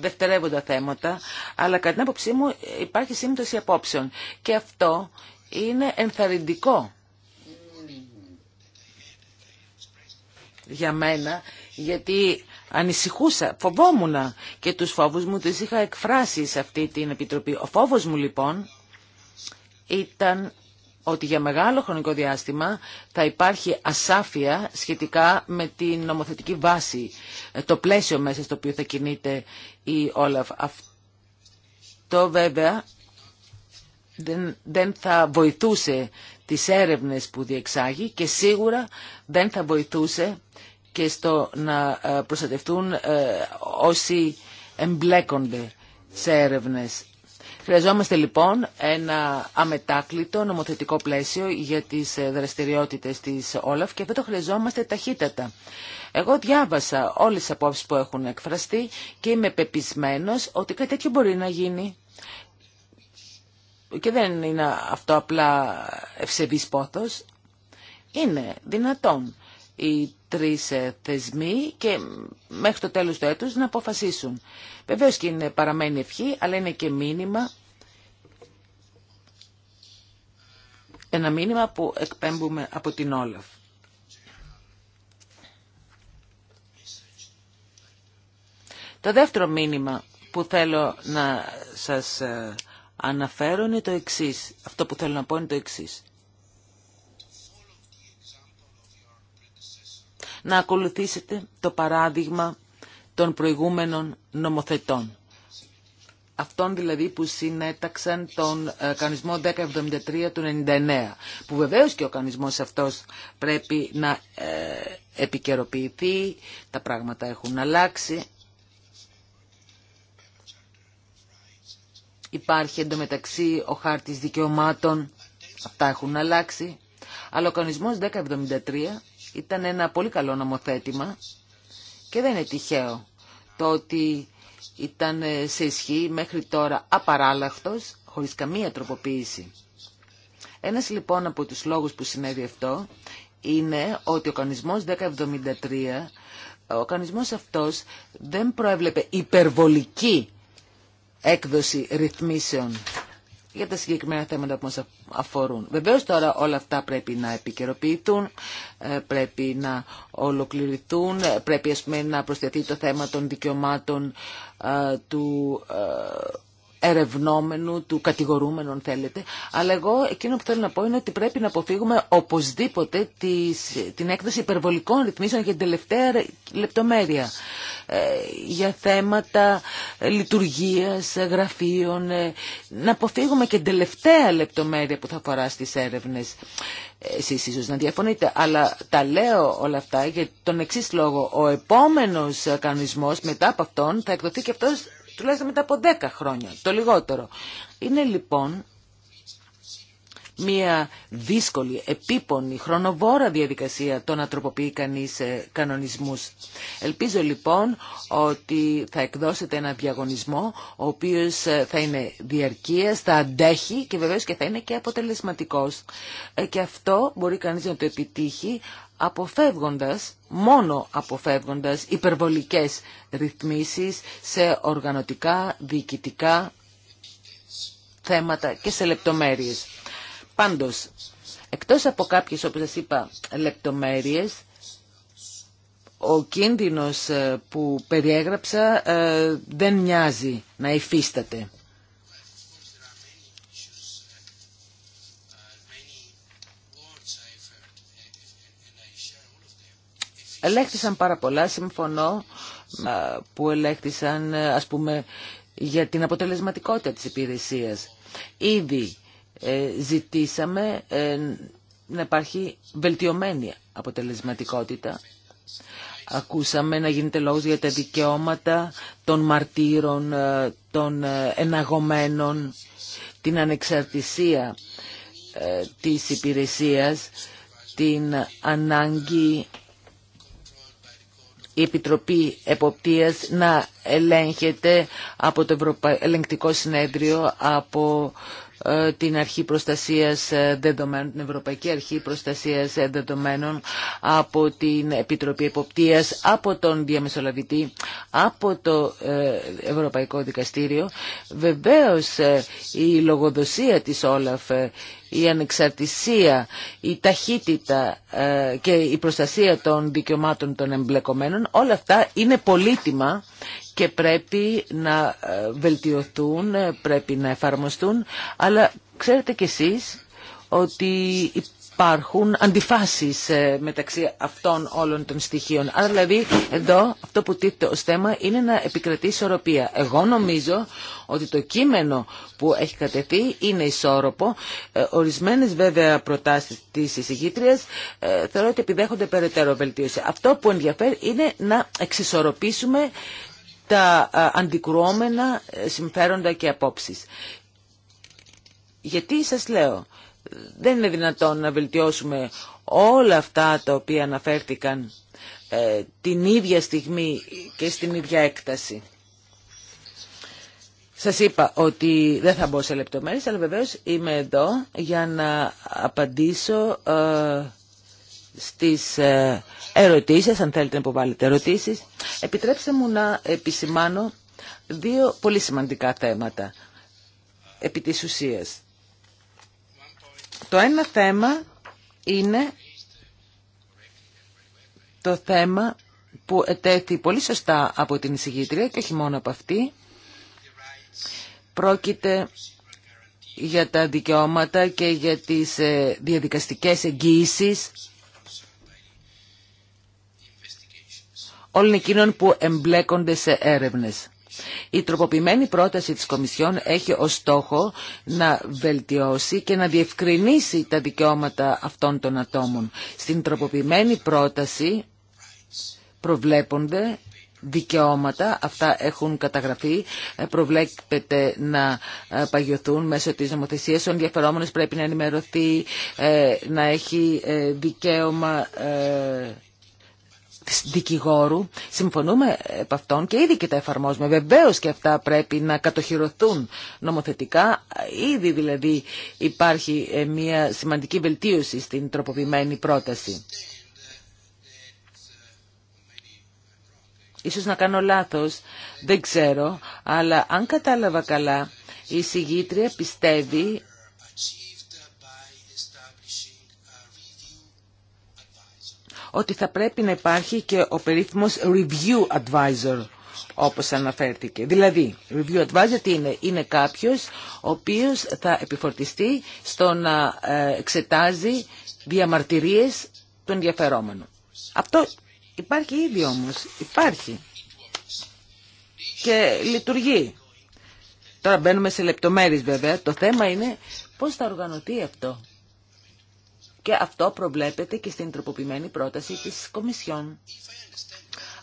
δευτερεύοντα θέματα, αλλά κατά την άποψή μου υπάρχει σύμπτωση απόψεων. Και αυτό είναι ενθαρρυντικό για μένα, γιατί ανησυχούσα, φοβόμουνα και τους φόβους μου τους είχα εκφράσει σε αυτή την Επιτροπή. Ο φόβος μου λοιπόν ήταν ότι για μεγάλο χρονικό διάστημα θα υπάρχει ασάφεια σχετικά με την νομοθετική βάση, ε, το πλαίσιο μέσα στο οποίο θα κινείται η Όλαφ. Αυτό βέβαια δεν, δεν θα βοηθούσε τις έρευνες που διεξάγει και σίγουρα δεν θα βοηθούσε και στο να ε, προστατευτούν ε, όσοι εμπλέκονται σε έρευνες. Χρειαζόμαστε λοιπόν ένα αμετάκλητο νομοθετικό πλαίσιο για τις ε, δραστηριότητες της Όλαφ και αυτό το χρειαζόμαστε ταχύτατα. Εγώ διάβασα όλες τις απόψεις που έχουν εκφραστεί και είμαι πεπισμένος ότι κάτι τέτοιο μπορεί να γίνει. Και δεν είναι αυτό απλά ευσεβής πόθος. Είναι δυνατόν οι τρεις ε, θεσμοί και μέχρι το τέλος του έτους να αποφασίσουν. Βεβαίως και είναι παραμένει ευχή, αλλά είναι και μήνυμα, ένα μήνυμα που εκπέμπουμε από την Όλαφ. Το δεύτερο μήνυμα που θέλω να σας ε, αναφέρω είναι το εξής. Αυτό που θέλω να πω είναι το εξής. να ακολουθήσετε το παράδειγμα των προηγούμενων νομοθετών. Αυτών δηλαδή που συνέταξαν τον ε, κανονισμό 1073 του 99, που βεβαίως και ο κανονισμός αυτός πρέπει να ε, επικαιροποιηθεί, τα πράγματα έχουν αλλάξει. Υπάρχει εντωμεταξύ ο χάρτης δικαιωμάτων, αυτά έχουν αλλάξει. Αλλά ο κανονισμός 1073 ήταν ένα πολύ καλό νομοθέτημα και δεν είναι τυχαίο το ότι ήταν σε ισχύ μέχρι τώρα απαράλλαχτος, χωρίς καμία τροποποίηση. Ένας λοιπόν από τους λόγους που συνέβη αυτό είναι ότι ο κανισμός 1073, ο κανονισμός αυτός δεν προέβλεπε υπερβολική έκδοση ρυθμίσεων για τα συγκεκριμένα θέματα που μας αφορούν. Βεβαίως τώρα όλα αυτά πρέπει να επικαιροποιηθούν, ε, πρέπει να ολοκληρωθούν, ε, πρέπει να προσθεθεί το θέμα των δικαιωμάτων ε, του ερευνόμενου, του κατηγορούμενου αν θέλετε. Αλλά εγώ εκείνο που θέλω να πω είναι ότι πρέπει να αποφύγουμε οπωσδήποτε την έκδοση υπερβολικών ρυθμίσεων για την τελευταία λεπτομέρεια. Ε, για θέματα ε, λειτουργίας, ε, γραφείων. Να αποφύγουμε και την τελευταία λεπτομέρεια που θα αφορά στις έρευνες. Εσείς ίσως να διαφωνείτε, αλλά τα λέω όλα αυτά για τον εξή λόγο. Ο επόμενος κανονισμός μετά από αυτόν θα εκδοθεί και αυτός τουλάχιστον μετά από 10 χρόνια, το λιγότερο. Είναι λοιπόν μια δύσκολη, επίπονη, χρονοβόρα διαδικασία το να τροποποιεί ε, κανονισμούς. Ελπίζω λοιπόν ότι θα εκδώσετε ένα διαγωνισμό ο οποίος ε, θα είναι διαρκείας, θα αντέχει και βεβαίως και θα είναι και αποτελεσματικός. Ε, και αυτό μπορεί κανείς να το επιτύχει αποφεύγοντας, μόνο αποφεύγοντας υπερβολικές ρυθμίσεις σε οργανωτικά, διοικητικά θέματα και σε λεπτομέρειες. Πάντως, εκτός από κάποιες, όπως σας είπα, λεπτομέρειες, ο κίνδυνος ε, που περιέγραψα ε, δεν μοιάζει να υφίσταται. Ελέγχθησαν πάρα πολλά, συμφωνώ, ε, που ελέγχθησαν, ας πούμε, για την αποτελεσματικότητα της υπηρεσίας. Ήδη ε, ζητήσαμε ε, να υπάρχει βελτιωμένη αποτελεσματικότητα. Ακούσαμε να γίνεται λόγος για τα δικαιώματα των μαρτύρων, ε, των εναγωμένων, την ανεξαρτησία της υπηρεσίας, την ανάγκη η Επιτροπή Εποπτείας να ελέγχεται από το Ελεγκτικό Συνέδριο, από ε, την αρχή προστασίας ε, δεδομένων, την Ευρωπαϊκή Αρχή Προστασίας ε, Δεδομένων από την Επιτροπή Εποπτείας, από τον Διαμεσολαβητή, από το Ευρωπαϊκό Δικαστήριο. Βεβαίως η λογοδοσία της Όλαφ η ανεξαρτησία, η ταχύτητα και η προστασία των δικαιωμάτων των εμπλεκομένων, όλα αυτά είναι πολύτιμα και πρέπει να ε, βελτιωθούν, ε, πρέπει να εφαρμοστούν, αλλά ξέρετε κι εσείς ότι υπάρχουν αντιφάσεις ε, μεταξύ αυτών όλων των στοιχείων. Άρα δηλαδή εδώ αυτό που τίθεται ως θέμα είναι να επικρατεί ισορροπία. Εγώ νομίζω ότι το κείμενο που έχει κατεθεί είναι ισόρροπο. Ορισμένες βέβαια προτάσεις της εισηγήτριας θεωρώ ότι επιδέχονται περαιτέρω βελτίωση. Αυτό που ενδιαφέρει είναι να εξισορροπήσουμε τα αντικρουόμενα ε, συμφέροντα και απόψεις. Γιατί σας λέω, δεν είναι δυνατόν να βελτιώσουμε όλα αυτά τα οποία αναφέρθηκαν ε, την ίδια στιγμή και στην ίδια έκταση. Σας είπα ότι δεν θα μπω σε λεπτομέρειες, αλλά βεβαίως είμαι εδώ για να απαντήσω... Ε, στις ε, ερωτήσεις, αν θέλετε να υποβάλλετε ερωτήσεις. Επιτρέψτε μου να επισημάνω δύο πολύ σημαντικά θέματα επί της ουσίας. Το ένα θέμα είναι το θέμα που ετέθη πολύ σωστά από την εισηγήτρια και όχι μόνο από αυτή. Πρόκειται για τα δικαιώματα και για τις ε, διαδικαστικές εγγύησεις όλων εκείνων που εμπλέκονται σε έρευνες. Η τροποποιημένη πρόταση της Κομισιόν έχει ως στόχο να βελτιώσει και να διευκρινίσει τα δικαιώματα αυτών των ατόμων. Στην τροποποιημένη πρόταση προβλέπονται δικαιώματα, αυτά έχουν καταγραφεί, ε, προβλέπεται να ε, παγιωθούν μέσω της νομοθεσίας. Ο ενδιαφερόμενος πρέπει να ενημερωθεί, ε, να έχει δικαίωμα δικηγόρου. Συμφωνούμε επ' αυτών και ήδη και τα εφαρμόζουμε. Βεβαίω και αυτά πρέπει να κατοχυρωθούν νομοθετικά. Ήδη δηλαδή υπάρχει ε, μια σημαντική βελτίωση στην τροποποιημένη πρόταση. Ίσως να κάνω λάθος, δεν ξέρω, αλλά αν κατάλαβα καλά, η συγγήτρια πιστεύει ότι θα πρέπει να υπάρχει και ο περίφημος review advisor όπως αναφέρθηκε. Δηλαδή, review advisor τι είναι, είναι κάποιος ο οποίος θα επιφορτιστεί στο να ε, εξετάζει διαμαρτυρίες του ενδιαφερόμενου. Αυτό υπάρχει ήδη όμως, υπάρχει και λειτουργεί. Τώρα μπαίνουμε σε λεπτομέρειες βέβαια, το θέμα είναι πώς θα οργανωθεί αυτό. Και αυτό προβλέπεται και στην τροποποιημένη πρόταση της Κομισιόν.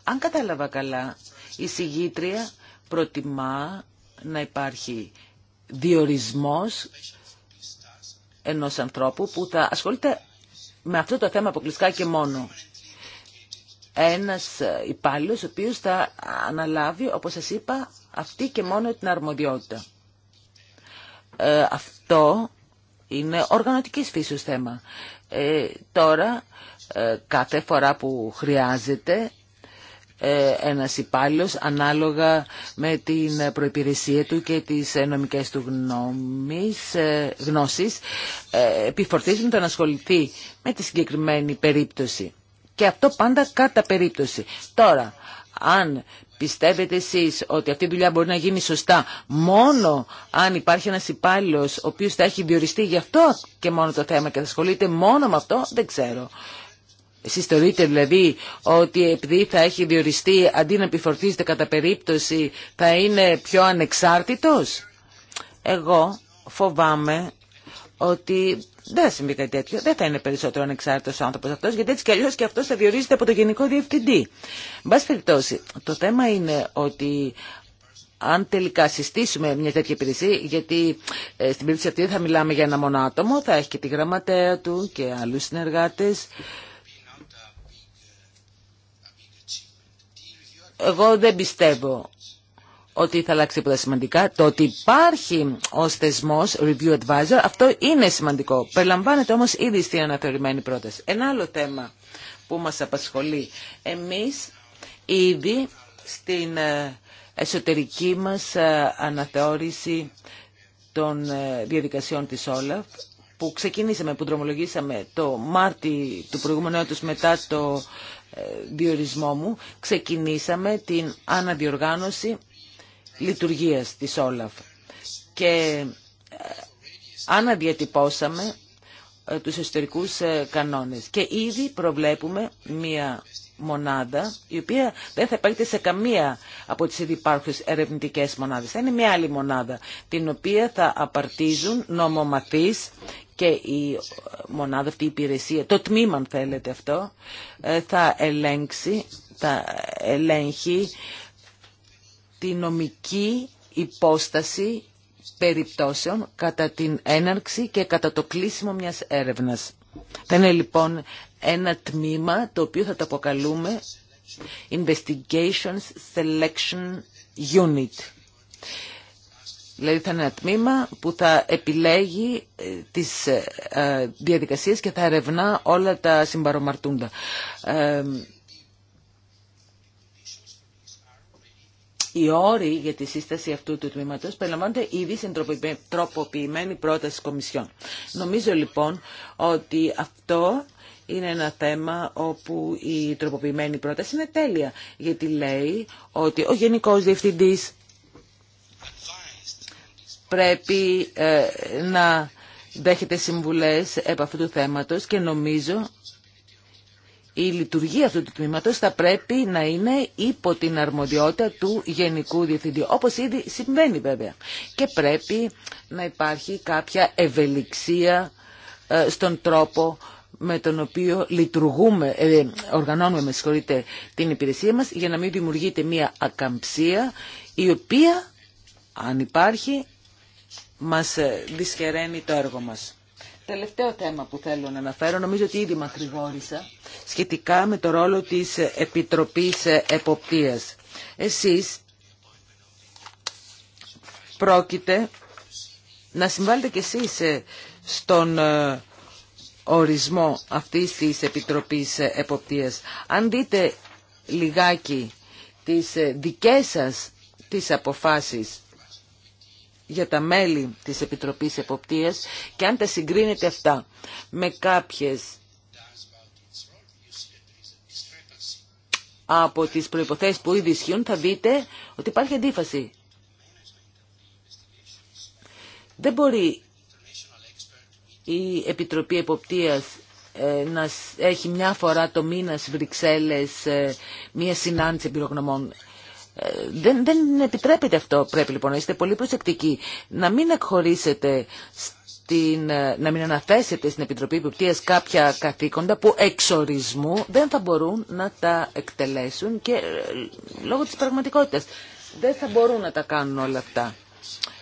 Αν κατάλαβα καλά, η συγγήτρια προτιμά να υπάρχει διορισμός ενός ανθρώπου που θα ασχολείται με αυτό το θέμα αποκλειστικά και μόνο. Ένας υπάλληλο ο οποίος θα αναλάβει, όπως σας είπα, αυτή και μόνο την αρμοδιότητα. Ε, αυτό είναι οργανωτικής φύσης θέμα. Ε, τώρα, ε, κάθε φορά που χρειάζεται ένα ε, ένας υπάλληλο ανάλογα με την προϋπηρεσία του και τις ε, νομικές του γνώμης, γνώσεις επιφορτίζουν το να ασχοληθεί με τη συγκεκριμένη περίπτωση. Και αυτό πάντα κατά περίπτωση. Τώρα, αν Πιστεύετε εσείς ότι αυτή η δουλειά μπορεί να γίνει σωστά μόνο αν υπάρχει ένας υπάλληλο ο οποίος θα έχει διοριστεί γι' αυτό και μόνο το θέμα και θα ασχολείται μόνο με αυτό, δεν ξέρω. Εσείς θεωρείτε δηλαδή ότι επειδή θα έχει διοριστεί αντί να επιφορτίζεται κατά περίπτωση θα είναι πιο ανεξάρτητος. Εγώ φοβάμαι ότι δεν θα συμβεί κάτι τέτοιο. Δεν θα είναι περισσότερο ανεξάρτητο ο άνθρωπο αυτό, γιατί έτσι κι αλλιώ και αυτό θα διορίζεται από το Γενικό Διευθυντή. Μπα περιπτώσει, το θέμα είναι ότι αν τελικά συστήσουμε μια τέτοια υπηρεσία, γιατί ε, στην περίπτωση αυτή θα μιλάμε για ένα μόνο άτομο, θα έχει και τη γραμματέα του και άλλου συνεργάτε. Εγώ δεν πιστεύω ότι θα αλλάξει τίποτα σημαντικά. Το ότι υπάρχει ο θεσμό review advisor, αυτό είναι σημαντικό. Περιλαμβάνεται όμω ήδη στην αναθεωρημένη πρόταση. Ένα άλλο θέμα που μας απασχολεί. Εμείς ήδη στην ε, εσωτερική μας ε, αναθεώρηση των ε, διαδικασιών της Όλαφ που ξεκινήσαμε, που δρομολογήσαμε το Μάρτι του προηγούμενου έτου μετά το διορισμό μου, ξεκινήσαμε την αναδιοργάνωση λειτουργίας της Όλαφ. Και ε, αναδιατυπώσαμε ε, τους εσωτερικούς ε, κανόνες. Και ήδη προβλέπουμε μία μονάδα, η οποία δεν θα υπάρχει σε καμία από τις ήδη υπάρχουσες ερευνητικές μονάδες. Θα είναι μια άλλη μονάδα, την οποία θα απαρτίζουν νομομαθείς και η μονάδα αυτή, η υπηρεσία, το τμήμα αν θέλετε αυτό, θα ελέγξει, θα ελέγχει τη νομική υπόσταση περιπτώσεων κατά την έναρξη και κατά το κλείσιμο μιας έρευνας. Θα είναι λοιπόν ένα τμήμα το οποίο θα το αποκαλούμε Investigations Selection Unit. Δηλαδή θα είναι ένα τμήμα που θα επιλέγει ε, τις ε, ε, διαδικασίες και θα ερευνά όλα τα συμπαρομαρτούντα. οι όροι για τη σύσταση αυτού του τμήματος περιλαμβάνονται ήδη στην τροποποιημένη πρόταση της Κομισιόν. Νομίζω λοιπόν ότι αυτό είναι ένα θέμα όπου η τροποποιημένη πρόταση είναι τέλεια, γιατί λέει ότι ο Γενικός Διευθυντής πρέπει ε, να δέχεται συμβουλές επ' αυτού του θέματος και νομίζω η λειτουργία αυτού του τμήματος θα πρέπει να είναι υπό την αρμοδιότητα του Γενικού Διευθυντή, όπως ήδη συμβαίνει βέβαια. Και πρέπει να υπάρχει κάποια ευελιξία ε, στον τρόπο με τον οποίο λειτουργούμε, ε, οργανώνουμε με την υπηρεσία μας για να μην δημιουργείται μια ακαμψία η οποία αν υπάρχει μας ε, δυσχεραίνει το έργο μας. Τελευταίο θέμα που θέλω να αναφέρω, νομίζω ότι ήδη μακρηγόρησα, σχετικά με το ρόλο της Επιτροπής Εποπτείας. Εσείς πρόκειται να συμβάλλετε κι εσείς στον ε, ορισμό αυτής της Επιτροπής Εποπτείας. Αν δείτε λιγάκι τις ε, δικές σας τις αποφάσεις για τα μέλη της Επιτροπής Εποπτείας και αν τα συγκρίνετε αυτά με κάποιες από τις προϋποθέσεις που ήδη ισχύουν θα δείτε ότι υπάρχει αντίφαση. Δεν μπορεί η Επιτροπή Εποπτείας ε, να έχει μια φορά το μήνα στις Βρυξέλλες ε, μια συνάντηση εμπειρογνωμών δεν, δεν επιτρέπεται αυτό. Πρέπει λοιπόν να είστε πολύ προσεκτικοί. Να μην εκχωρήσετε στην, ε, να μην αναθέσετε στην Επιτροπή Επιπτίας κάποια καθήκοντα που εξορισμού δεν θα μπορούν να τα εκτελέσουν και ε, λόγω της πραγματικότητας δεν θα μπορούν να τα κάνουν όλα αυτά.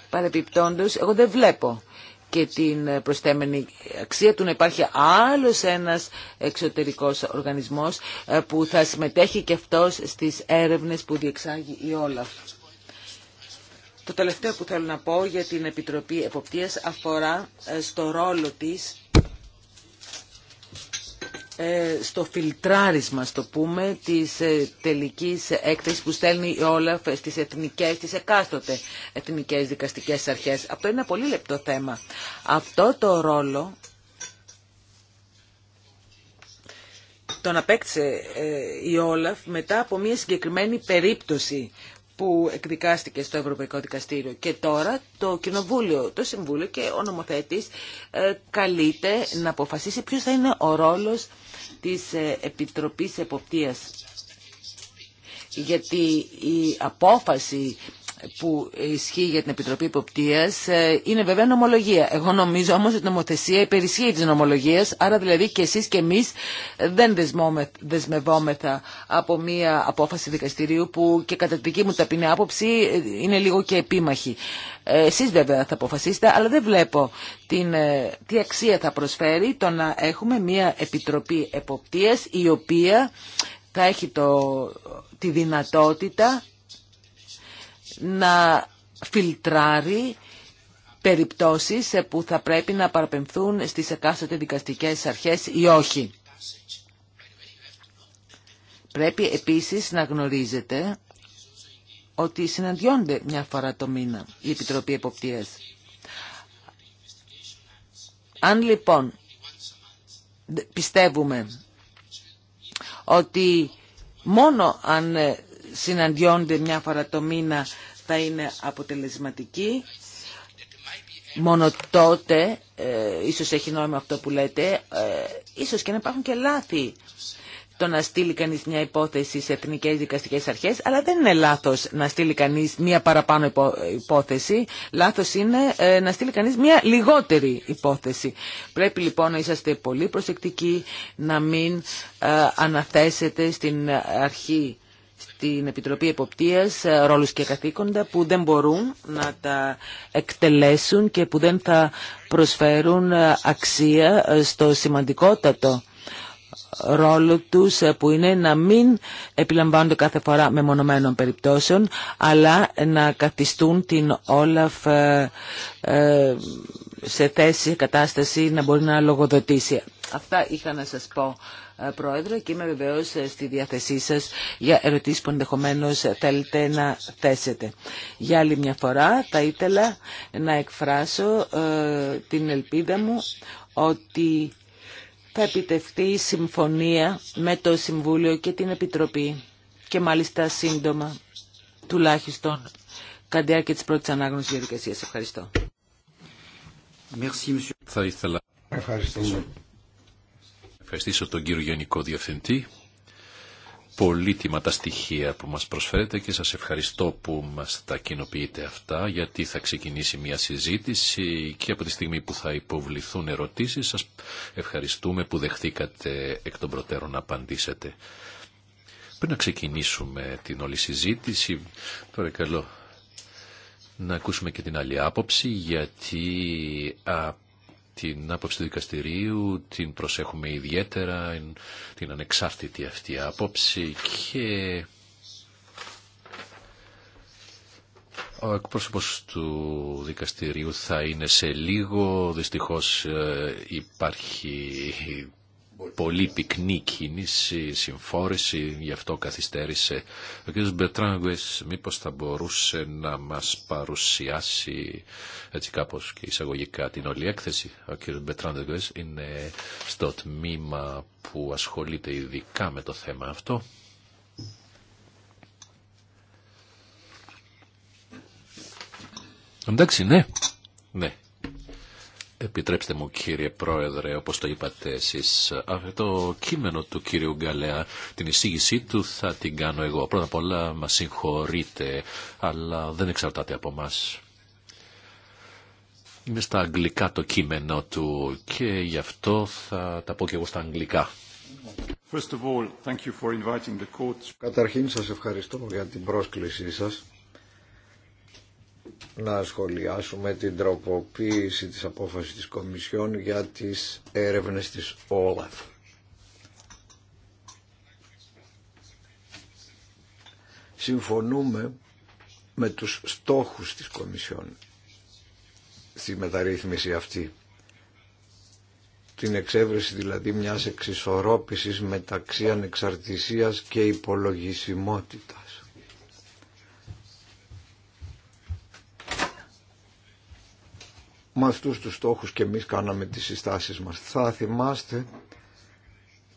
Παρεπιπτόντως, εγώ δεν βλέπω και την προστέμενη αξία του να υπάρχει άλλος ένας εξωτερικός οργανισμός ε, που θα συμμετέχει και αυτός στις έρευνες που διεξάγει η Όλαφ. Το τελευταίο που θέλω να πω για την Επιτροπή Εποπτείας αφορά ε, στο ρόλο της ε, στο φιλτράρισμα, στο πούμε, της ε, τελικής έκθεσης που στέλνει η Όλαφ στις εθνικές, στις εκάστοτε εθνικές δικαστικές αρχές. Αυτό είναι ένα πολύ λεπτό θέμα. Αυτό το ρόλο τον απέκτησε ε, η Όλαφ μετά από μια συγκεκριμένη περίπτωση που εκδικάστηκε στο Ευρωπαϊκό Δικαστήριο. Και τώρα το Κοινοβούλιο, το Συμβούλιο και ο νομοθέτης ε, καλείται να αποφασίσει ποιος θα είναι ο ρόλος της ε, Επιτροπής Εποπτείας. Γιατί η απόφαση που ισχύει για την Επιτροπή Εποπτείας ε, είναι βέβαια νομολογία. Εγώ νομίζω όμως ότι η νομοθεσία υπερισχύει της νομολογίας, άρα δηλαδή και εσείς και εμείς δεν δεσμευόμεθα από μία απόφαση δικαστηρίου που και κατά τη δική μου ταπεινή άποψη ε, είναι λίγο και επίμαχη. Ε, εσείς βέβαια θα αποφασίσετε, αλλά δεν βλέπω την, τι αξία θα προσφέρει το να έχουμε μία Επιτροπή Εποπτείας η οποία θα έχει το, τη δυνατότητα να φιλτράρει περιπτώσεις που θα πρέπει να παραπεμφθούν στις εκάστοτε δικαστικές αρχές ή όχι. Πρέπει επίσης να γνωρίζετε ότι συναντιόνται μια φορά το μήνα η Επιτροπή Εποπτείας. Αν λοιπόν πιστεύουμε ότι μόνο αν συναντιόνται μια φορά το μήνα θα είναι αποτελεσματική. Μόνο τότε, ε, ίσως έχει νόημα αυτό που λέτε, ε, ίσως και να υπάρχουν και λάθη το να στείλει κανείς μια υπόθεση σε εθνικές δικαστικές αρχές, αλλά δεν είναι λάθος να στείλει κανείς μια παραπάνω υπόθεση, λάθος είναι ε, να στείλει κανείς μια λιγότερη υπόθεση. Πρέπει λοιπόν να είσαστε πολύ προσεκτικοί, να μην ε, αναθέσετε στην αρχή στην Επιτροπή Εποπτείας ε, ρόλους και καθήκοντα που δεν μπορούν να τα εκτελέσουν και που δεν θα προσφέρουν ε, αξία ε, στο σημαντικότατο ρόλο τους που είναι να μην επιλαμβάνονται κάθε φορά μεμονωμένων περιπτώσεων αλλά να καθιστούν την Όλαφ σε θέση, κατάσταση να μπορεί να λογοδοτήσει. Αυτά είχα να σας πω Πρόεδρο, και είμαι βεβαίω στη διάθεσή σας για ερωτήσεις που ενδεχομένω θέλετε να θέσετε. Για άλλη μια φορά θα ήθελα να εκφράσω ε, την ελπίδα μου ότι θα επιτευχθεί η συμφωνία με το Συμβούλιο και την Επιτροπή και μάλιστα σύντομα τουλάχιστον κατά διάρκεια της πρώτης ανάγνωσης διαδικασίας. Ευχαριστώ. Merci, Ευχαριστώ ευχαριστήσω τον κύριο Γενικό Διευθυντή. Πολύτιμα τα στοιχεία που μας προσφέρετε και σας ευχαριστώ που μας τα κοινοποιείτε αυτά γιατί θα ξεκινήσει μια συζήτηση και από τη στιγμή που θα υποβληθούν ερωτήσεις σας ευχαριστούμε που δεχτήκατε εκ των προτέρων να απαντήσετε. Πριν να ξεκινήσουμε την όλη συζήτηση, τώρα καλό να ακούσουμε και την άλλη άποψη γιατί την άποψη του δικαστηρίου, την προσέχουμε ιδιαίτερα, την ανεξάρτητη αυτή άποψη και Ο εκπρόσωπος του δικαστηρίου θα είναι σε λίγο. Δυστυχώς ε, υπάρχει πολύ πυκνή κίνηση, συμφόρηση, γι' αυτό καθυστέρησε. Ο κ. Μπετράγκουες μήπως θα μπορούσε να μας παρουσιάσει έτσι κάπως και εισαγωγικά την όλη έκθεση. Ο κ. Μπετράγκουες είναι στο τμήμα που ασχολείται ειδικά με το θέμα αυτό. Εντάξει, ναι. Ναι, Επιτρέψτε μου κύριε Πρόεδρε, όπως το είπατε εσείς, αυτό το κείμενο του κύριου Γκαλέα, την εισήγησή του θα την κάνω εγώ. Πρώτα απ' όλα μας συγχωρείτε, αλλά δεν εξαρτάται από μας. Είναι στα αγγλικά το κείμενο του και γι' αυτό θα τα πω και εγώ στα αγγλικά. Καταρχήν σας ευχαριστώ για την πρόσκλησή σας να σχολιάσουμε την τροποποίηση της απόφασης της Κομισιόν για τις έρευνες της ΟΛΑΦ. Συμφωνούμε με τους στόχους της Κομισιόν στη μεταρρύθμιση αυτή. Την εξέβρεση δηλαδή μιας εξισορρόπησης μεταξύ ανεξαρτησίας και υπολογισμότητα. με αυτούς τους στόχους και εμείς κάναμε τις συστάσεις μας. Θα θυμάστε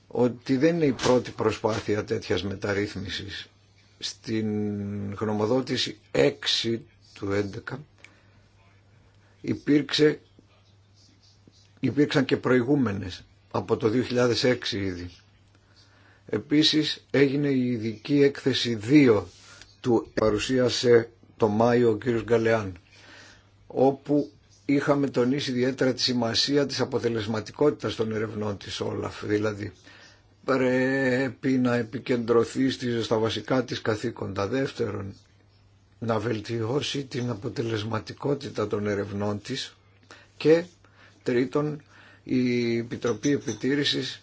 ότι δεν είναι η πρώτη προσπάθεια τέτοιας μεταρρύθμισης. Στην γνωμοδότηση 6 του 11 υπήρξε, υπήρξαν και προηγούμενες από το 2006 ήδη. Επίσης έγινε η ειδική έκθεση 2 του παρουσίασε το Μάιο ο κύριος Γκαλεάν όπου είχαμε τονίσει ιδιαίτερα τη σημασία της αποτελεσματικότητας των ερευνών της Όλαφ, δηλαδή πρέπει να επικεντρωθεί στα βασικά της καθήκοντα. Δεύτερον, να βελτιώσει την αποτελεσματικότητα των ερευνών της και τρίτον, η Επιτροπή Επιτήρησης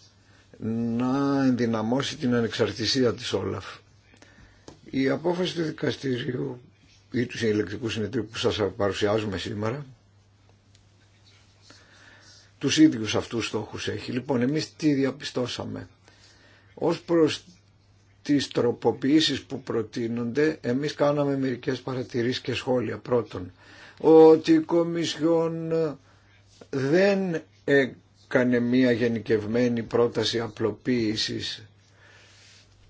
να ενδυναμώσει την ανεξαρτησία της Όλαφ. Η απόφαση του δικαστηρίου ή του συνελεκτικού συνεδρίου που σας παρουσιάζουμε σήμερα τους ίδιους αυτούς στόχους έχει. Λοιπόν, εμείς τι διαπιστώσαμε. Ως προς τις τροποποιήσεις που προτείνονται, εμείς κάναμε μερικές παρατηρήσεις και σχόλια. Πρώτον, ότι η Κομισιόν δεν έκανε μία γενικευμένη πρόταση απλοποίησης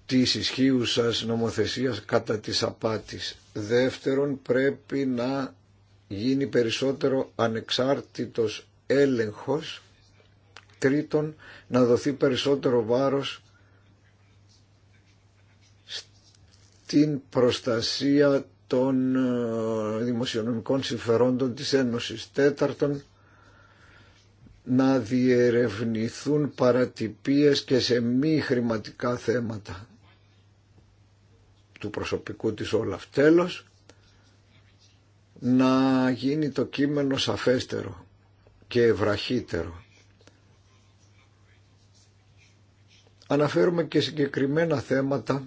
της ισχύουσας νομοθεσίας κατά της απάτης. Δεύτερον, πρέπει να γίνει περισσότερο ανεξάρτητος έλεγχος, τρίτον να δοθεί περισσότερο βάρος στην προστασία των ε, δημοσιονομικών συμφερόντων της Ένωσης. Τέταρτον, να διερευνηθούν παρατυπίες και σε μη χρηματικά θέματα του προσωπικού της όλα. Τέλος, να γίνει το κείμενο σαφέστερο και ευραχύτερο. Αναφέρουμε και συγκεκριμένα θέματα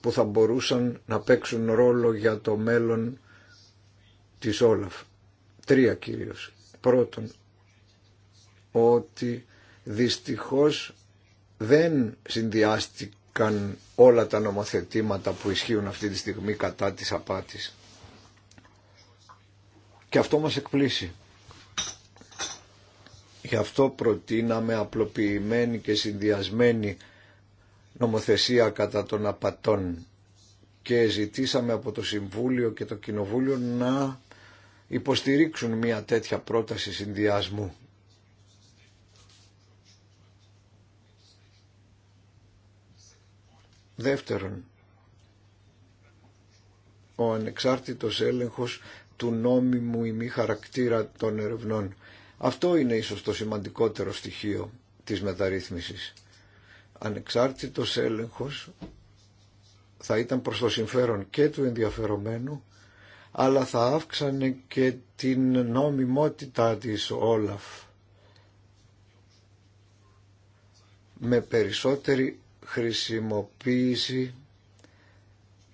που θα μπορούσαν να παίξουν ρόλο για το μέλλον της Όλαφ. Τρία κυρίως. Πρώτον, ότι δυστυχώς δεν συνδυάστηκαν όλα τα νομοθετήματα που ισχύουν αυτή τη στιγμή κατά της απάτης. Και αυτό μας εκπλήσει. Γι' αυτό προτείναμε απλοποιημένη και συνδυασμένη νομοθεσία κατά των απατών και ζητήσαμε από το Συμβούλιο και το Κοινοβούλιο να υποστηρίξουν μια τέτοια πρόταση συνδυασμού. Δεύτερον, ο ανεξάρτητος έλεγχος του νόμιμου ή χαρακτήρα των ερευνών. Αυτό είναι ίσως το σημαντικότερο στοιχείο της μεταρρύθμισης. Ανεξάρτητος έλεγχος θα ήταν προς το συμφέρον και του ενδιαφερομένου, αλλά θα αύξανε και την νόμιμότητα της Όλαφ με περισσότερη χρησιμοποίηση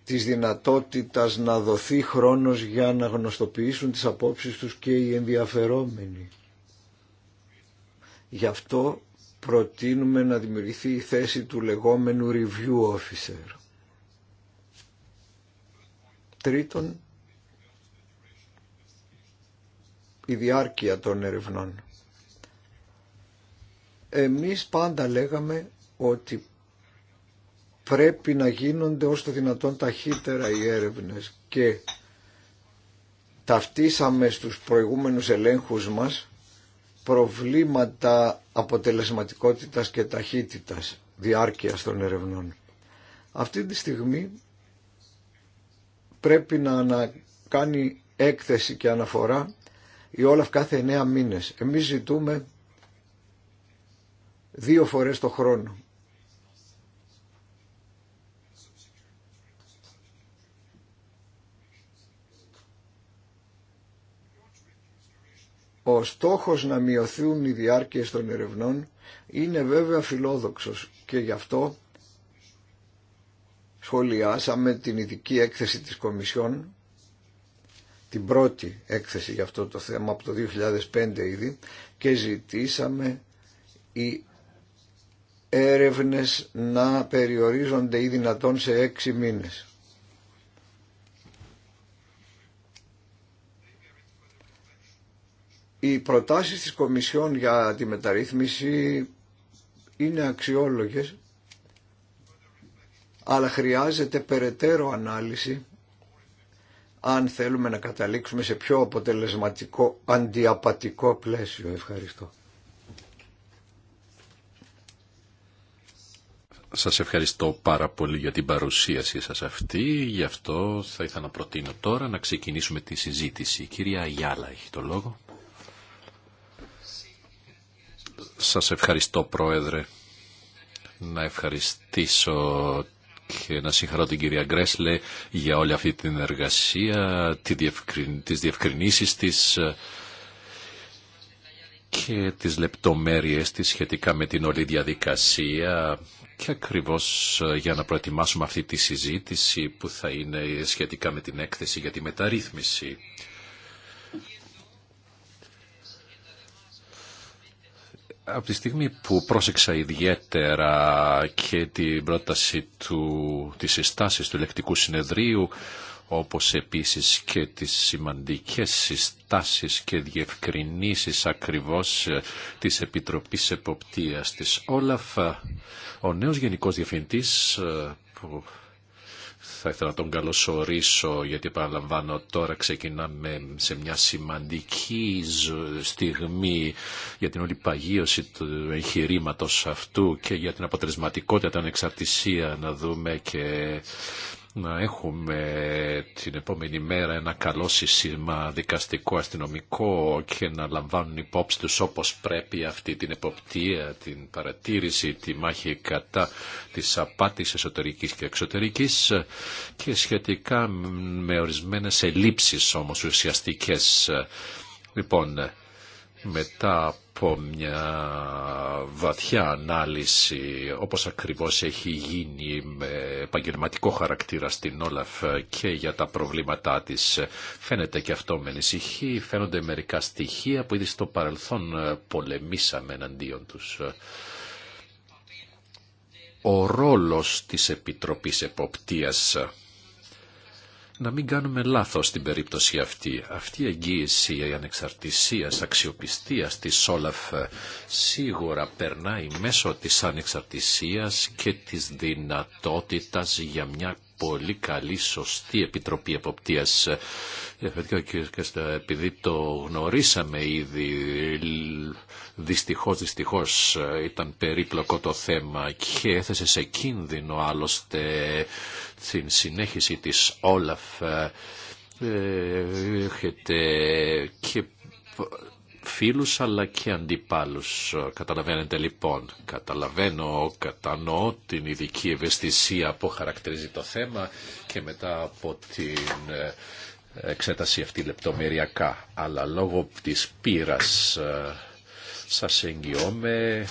της δυνατότητας να δοθεί χρόνος για να γνωστοποιήσουν τις απόψεις τους και οι ενδιαφερόμενοι. Γι' αυτό προτείνουμε να δημιουργηθεί η θέση του λεγόμενου review officer. Τρίτον, η διάρκεια των ερευνών. Εμείς πάντα λέγαμε ότι πρέπει να γίνονται όσο το δυνατόν ταχύτερα οι έρευνες και ταυτίσαμε στους προηγούμενους ελέγχους μας προβλήματα αποτελεσματικότητας και ταχύτητας διάρκειας των ερευνών. Αυτή τη στιγμή πρέπει να κάνει έκθεση και αναφορά η όλα κάθε εννέα μήνες. Εμείς ζητούμε δύο φορές το χρόνο. Ο στόχος να μειωθούν οι διάρκειες των ερευνών είναι βέβαια φιλόδοξος και γι' αυτό σχολιάσαμε την ειδική έκθεση της Κομισιόν, την πρώτη έκθεση για αυτό το θέμα από το 2005 ήδη και ζητήσαμε οι έρευνες να περιορίζονται ή δυνατόν σε έξι μήνες. Οι προτάσεις της Κομισιόν για τη μεταρρύθμιση είναι αξιόλογες, αλλά χρειάζεται περαιτέρω ανάλυση αν θέλουμε να καταλήξουμε σε πιο αποτελεσματικό αντιαπατικό πλαίσιο. Ευχαριστώ. Σας ευχαριστώ πάρα πολύ για την παρουσίασή σας αυτή. Γι' αυτό θα ήθελα να προτείνω τώρα να ξεκινήσουμε τη συζήτηση. Η κυρία Αγιάλα έχει το λόγο. Σας ευχαριστώ Πρόεδρε. Να ευχαριστήσω και να συγχαρώ την κυρία Γκρέσλε για όλη αυτή την εργασία, τις διευκρινήσεις της ε, και τις λεπτομέρειες της σχετικά με την όλη διαδικασία και ακριβώς ε, για να προετοιμάσουμε αυτή τη συζήτηση που θα είναι σχετικά με την έκθεση για τη μεταρρύθμιση. από τη στιγμή που πρόσεξα ιδιαίτερα και την πρόταση του, της συστάσης του ελεκτικού συνεδρίου, όπως επίσης και τις σημαντικές συστάσεις και διευκρινήσεις ακριβώς της Επιτροπής Εποπτείας της Όλαφ, ο νέος Γενικός Διευθυντής που θα ήθελα να τον καλωσορίσω γιατί παραλαμβάνω τώρα ξεκινάμε σε μια σημαντική στιγμή για την όλη παγίωση του εγχειρήματο αυτού και για την αποτελεσματικότητα, την εξαρτησία να δούμε και να έχουμε την επόμενη μέρα ένα καλό σύστημα δικαστικό αστυνομικό και να λαμβάνουν υπόψη τους όπως πρέπει αυτή την εποπτεία, την παρατήρηση, τη μάχη κατά της απάτης εσωτερικής και εξωτερικής και σχετικά με ορισμένες ελλείψεις όμως ουσιαστικές. Λοιπόν, μετά από μια βαθιά ανάλυση όπως ακριβώς έχει γίνει με επαγγελματικό χαρακτήρα στην Όλαφ και για τα προβλήματά της φαίνεται και αυτό με ανησυχεί, φαίνονται μερικά στοιχεία που ήδη στο παρελθόν πολεμήσαμε εναντίον τους. Ο ρόλος της Επιτροπής Εποπτείας να μην κάνουμε λάθος στην περίπτωση αυτή. Αυτή η εγγύηση η ανεξαρτησίας, αξιοπιστίας της Όλαφ ε, σίγουρα περνάει μέσω της ανεξαρτησίας και της δυνατότητας για μια πολύ καλή, σωστή Επιτροπή Εποπτείας. Ε, επειδή το γνωρίσαμε ήδη, δυστυχώς, δυστυχώς ε, ήταν περίπλοκο το θέμα και έθεσε σε κίνδυνο άλλωστε στην συνέχιση της Όλαφ ε, έχετε και φίλους αλλά και αντιπάλους. Καταλαβαίνετε λοιπόν, καταλαβαίνω, κατανοώ την ειδική ευαισθησία που χαρακτηρίζει το θέμα και μετά από την ε, εξέταση αυτή λεπτομεριακά. Αλλά λόγω της πείρας ε, σας εγγυώμαι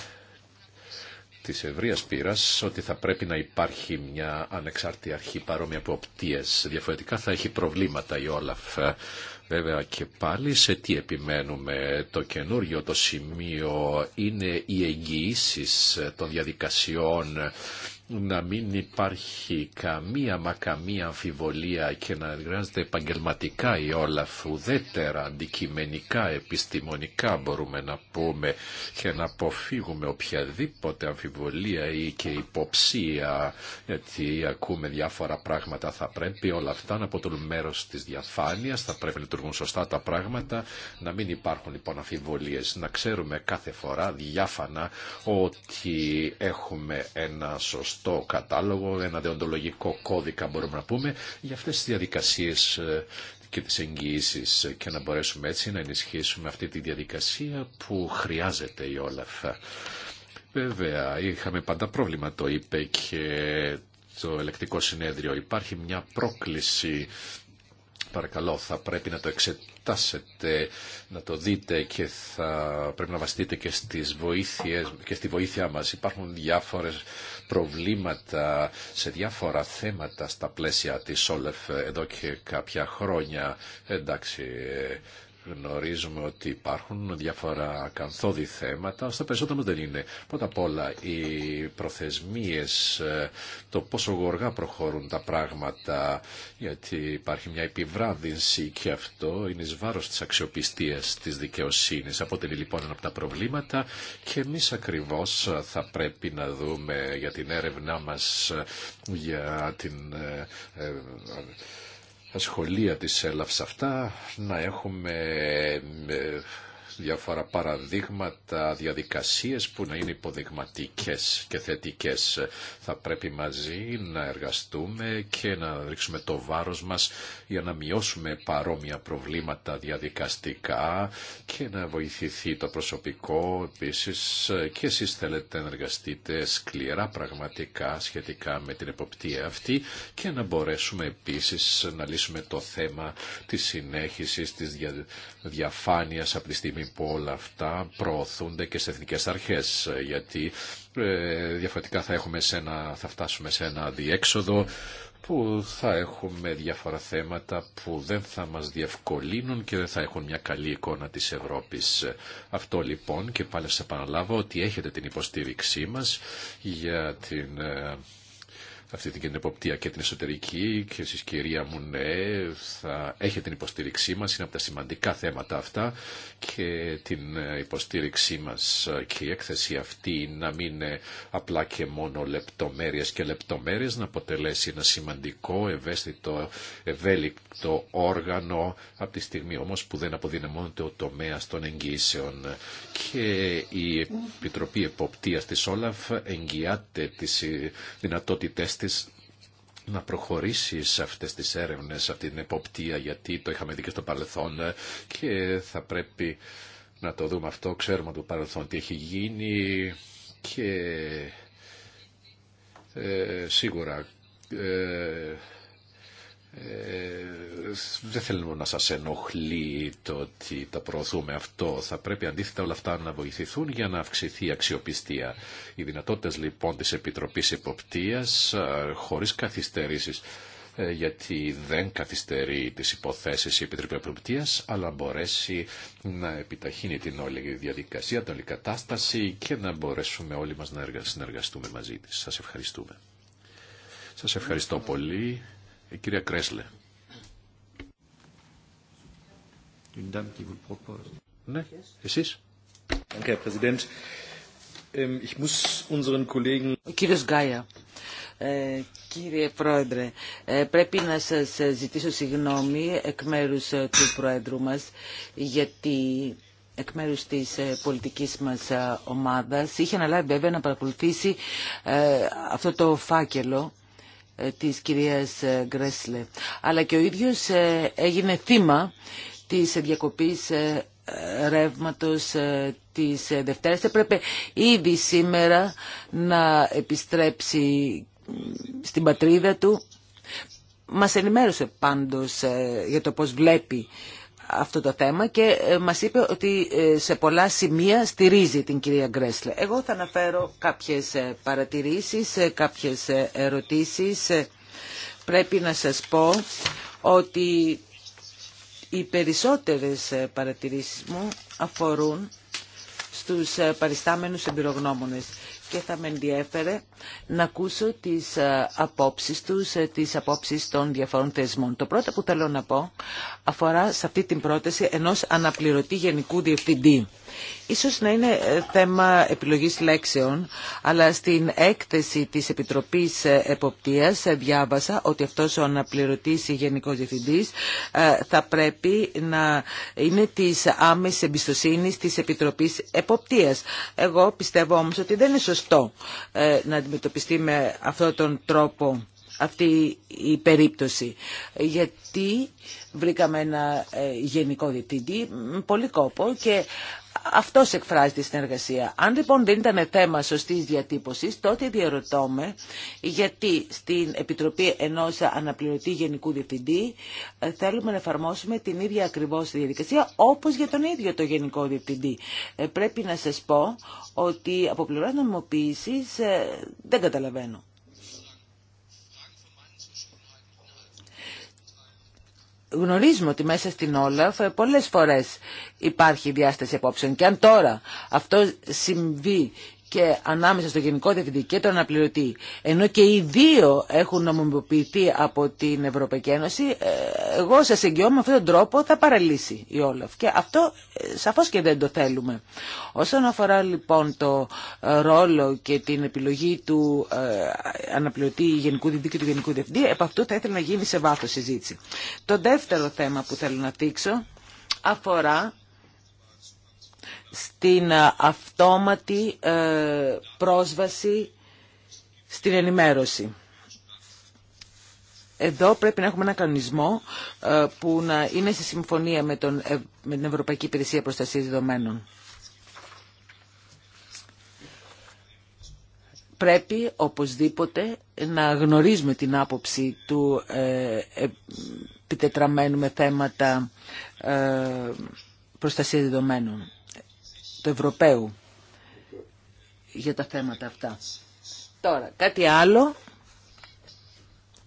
της ευρεία πείρα ότι θα πρέπει να υπάρχει μια ανεξάρτητη αρχή παρόμοια από οπτίε. Διαφορετικά θα έχει προβλήματα η Όλαφ. Βέβαια και πάλι σε τι επιμένουμε. Το καινούριο το σημείο είναι οι εγγυήσει των διαδικασιών να μην υπάρχει καμία μα καμία αμφιβολία και να εργάζεται επαγγελματικά η όλα φουδέτερα αντικειμενικά, επιστημονικά μπορούμε να πούμε και να αποφύγουμε οποιαδήποτε αμφιβολία ή και υποψία γιατί ακούμε διάφορα πράγματα θα πρέπει όλα αυτά να αποτελούν μέρο τη διαφάνεια. θα πρέπει να λειτουργούν σωστά τα πράγματα, να μην υπάρχουν λοιπόν αμφιβολίε, να ξέρουμε κάθε φορά διάφανα ότι έχουμε ένα σωστό στο κατάλογο, ένα δεοντολογικό κώδικα μπορούμε να πούμε, για αυτές τις διαδικασίες ε, και τις εγγυήσει ε, και να μπορέσουμε έτσι να ενισχύσουμε αυτή τη διαδικασία που χρειάζεται η Όλαφ. Βέβαια, είχαμε πάντα πρόβλημα, το είπε και το ελεκτικό συνέδριο. Υπάρχει μια πρόκληση Παρακαλώ, θα πρέπει να το εξετάσετε, να το δείτε και θα πρέπει να βαστείτε και, στις βοήθειες, και στη βοήθειά μας. Υπάρχουν διάφορες προβλήματα σε διάφορα θέματα στα πλαίσια της Όλεφ εδώ και κάποια χρόνια. Εντάξει, γνωρίζουμε ότι υπάρχουν διάφορα κανθόδη θέματα, στα περισσότερα δεν είναι. Πρώτα απ' όλα οι προθεσμίες, ε, το πόσο γοργά προχωρούν τα πράγματα, γιατί υπάρχει μια επιβράδυνση και αυτό είναι εις βάρος της αξιοπιστίας της δικαιοσύνης. Αποτελεί λοιπόν ένα από τα προβλήματα και εμεί ακριβώς θα πρέπει να δούμε για την έρευνά μας, ε, για την ε, σχολεία της ΕΛΑΦ αυτά, να έχουμε ε, διάφορα παραδείγματα, διαδικασίες που να είναι υποδειγματικές και θετικές. Θα πρέπει μαζί να εργαστούμε και να ρίξουμε το βάρος μας για να μειώσουμε παρόμοια προβλήματα διαδικαστικά και να βοηθηθεί το προσωπικό επίσης και εσείς θέλετε να εργαστείτε σκληρά πραγματικά σχετικά με την εποπτεία αυτή και να μπορέσουμε επίσης να λύσουμε το θέμα της συνέχισης της διαφάνειας από τη στιγμή στιγμή που όλα αυτά προωθούνται και σε εθνικές αρχές, γιατί ε, διαφορετικά θα, έχουμε σε ένα, θα φτάσουμε σε ένα διέξοδο που θα έχουμε διάφορα θέματα που δεν θα μας διευκολύνουν και δεν θα έχουν μια καλή εικόνα της Ευρώπης. Αυτό λοιπόν και πάλι σε επαναλάβω ότι έχετε την υποστήριξή μας για την ε, αυτή την εποπτεία και την εσωτερική και εσείς κυρία μου ναι, θα έχετε την υποστήριξή μας, είναι από τα σημαντικά θέματα αυτά και την υποστήριξή μας και η έκθεση αυτή να μην είναι απλά και μόνο λεπτομέρειες και λεπτομέρειες, να αποτελέσει ένα σημαντικό ευαίσθητο, ευέλικτο όργανο από τη στιγμή όμως που δεν αποδυναμώνεται ο τομέας των εγγύσεων και η Επιτροπή Εποπτείας της Όλαφ εγγυάται τις δυνατότητες να προχωρήσει σε αυτές τις έρευνες, σε αυτή την εποπτεία, γιατί το είχαμε δει και στο παρελθόν ε, και θα πρέπει να το δούμε αυτό. Ξέρουμε το παρελθόν τι έχει γίνει και ε, σίγουρα ε, ε, δεν θέλουμε να σας ενοχλεί το ότι τα προωθούμε αυτό. Θα πρέπει αντίθετα όλα αυτά να βοηθηθούν για να αυξηθεί η αξιοπιστία. Οι δυνατότητες λοιπόν της Επιτροπής Υποπτίας χωρίς καθυστερήσεις ε, γιατί δεν καθυστερεί τις υποθέσεις η Επιτροπή Απροπτίας, αλλά μπορέσει να επιταχύνει την όλη διαδικασία, την όλη κατάσταση και να μπορέσουμε όλοι μας να συνεργαστούμε μαζί της. Σας ευχαριστούμε. Σας ευχαριστώ πολύ. Κύριε Κρέσλε. Ναι, ähm, Ο κύριος Γκάια. Ε, κύριε Πρόεδρε, ε, πρέπει να σας ε, ζητήσω συγγνώμη εκ μέρους του Πρόεδρου μας, γιατί εκ μέρους της πολιτικής μας ομάδας είχε αναλάβει βέβαια να παρακολουθήσει αυτό το φάκελο ε, της κυρίας ε, Γκρέσλε. Αλλά και ο ίδιος ε, έγινε θύμα της διακοπής ρεύματος της Δευτέρας. Έπρεπε ήδη σήμερα να επιστρέψει στην πατρίδα του. Μας ενημέρωσε πάντως για το πώς βλέπει αυτό το θέμα και ε, μας είπε ότι ε, σε πολλά σημεία στηρίζει την κυρία Γκρέσλε. Εγώ θα αναφέρω κάποιες ε, παρατηρήσεις, κάποιες ερωτήσεις. Πρέπει να σας πω ότι οι περισσότερες παρατηρήσεις μου αφορούν στους παριστάμενους εμπειρογνώμονες και θα με ενδιέφερε να ακούσω τις ε, απόψεις τους, ε, τις απόψεις των διαφόρων θεσμών. Το πρώτο που θέλω να πω αφορά σε αυτή την πρόταση ενός αναπληρωτή γενικού διευθυντή. Ίσως να είναι ε, θέμα επιλογής λέξεων, αλλά στην έκθεση της Επιτροπής ε, Εποπτείας ε, διάβασα ότι αυτός ο αναπληρωτής γενικός διευθυντής θα πρέπει να είναι της άμεσης εμπιστοσύνης της Επιτροπής Εποπτείας. Εγώ πιστεύω όμως ότι δεν είναι σωστό να αντιμετωπιστεί με αυτόν τον τρόπο αυτή η περίπτωση. Γιατί βρήκαμε ένα γενικό διευθυντή, πολύ κόπο και αυτό εκφράζει τη συνεργασία. Αν λοιπόν δεν ήταν θέμα σωστή διατύπωση, τότε διαρωτώ με γιατί στην Επιτροπή ενός αναπληρωτή Γενικού Διευθυντή ε, θέλουμε να εφαρμόσουμε την ίδια ακριβώς διαδικασία όπως για τον ίδιο το Γενικό Διευθυντή. Ε, πρέπει να σας πω ότι από πλευρά νομιμοποίησης ε, δεν καταλαβαίνω. γνωρίζουμε ότι μέσα στην όλα ε, πολλές φορές υπάρχει διάσταση απόψεων και αν τώρα αυτό συμβεί και ανάμεσα στο Γενικό Διευθυντή και τον Αναπληρωτή, ενώ και οι δύο έχουν νομιμοποιηθεί από την Ευρωπαϊκή Ένωση, ε, εγώ σας εγγυώ με αυτόν τον τρόπο θα παραλύσει η Όλαφ. Και αυτό ε, σαφώ και δεν το θέλουμε. Όσον αφορά λοιπόν το ε, ρόλο και την επιλογή του Αναπληρωτή Γενικού Διευθυντή και του Γενικού Διευθυντή, επ' αυτού θα ήθελα να γίνει σε βάθο συζήτηση. Το δεύτερο θέμα που θέλω να δείξω αφορά στην ε, αυτόματη ε, πρόσβαση στην ενημέρωση. Εδώ πρέπει να έχουμε ένα κανονισμό ε, που να είναι σε συμφωνία με, τον, με την Ευρωπαϊκή Υπηρεσία Προστασίας Δεδομένων. Πρέπει οπωσδήποτε να γνωρίζουμε την άποψη του ε, επιτετραμένου με θέματα ε, προστασίας δεδομένων του Ευρωπαίου για τα θέματα αυτά. Τώρα, κάτι άλλο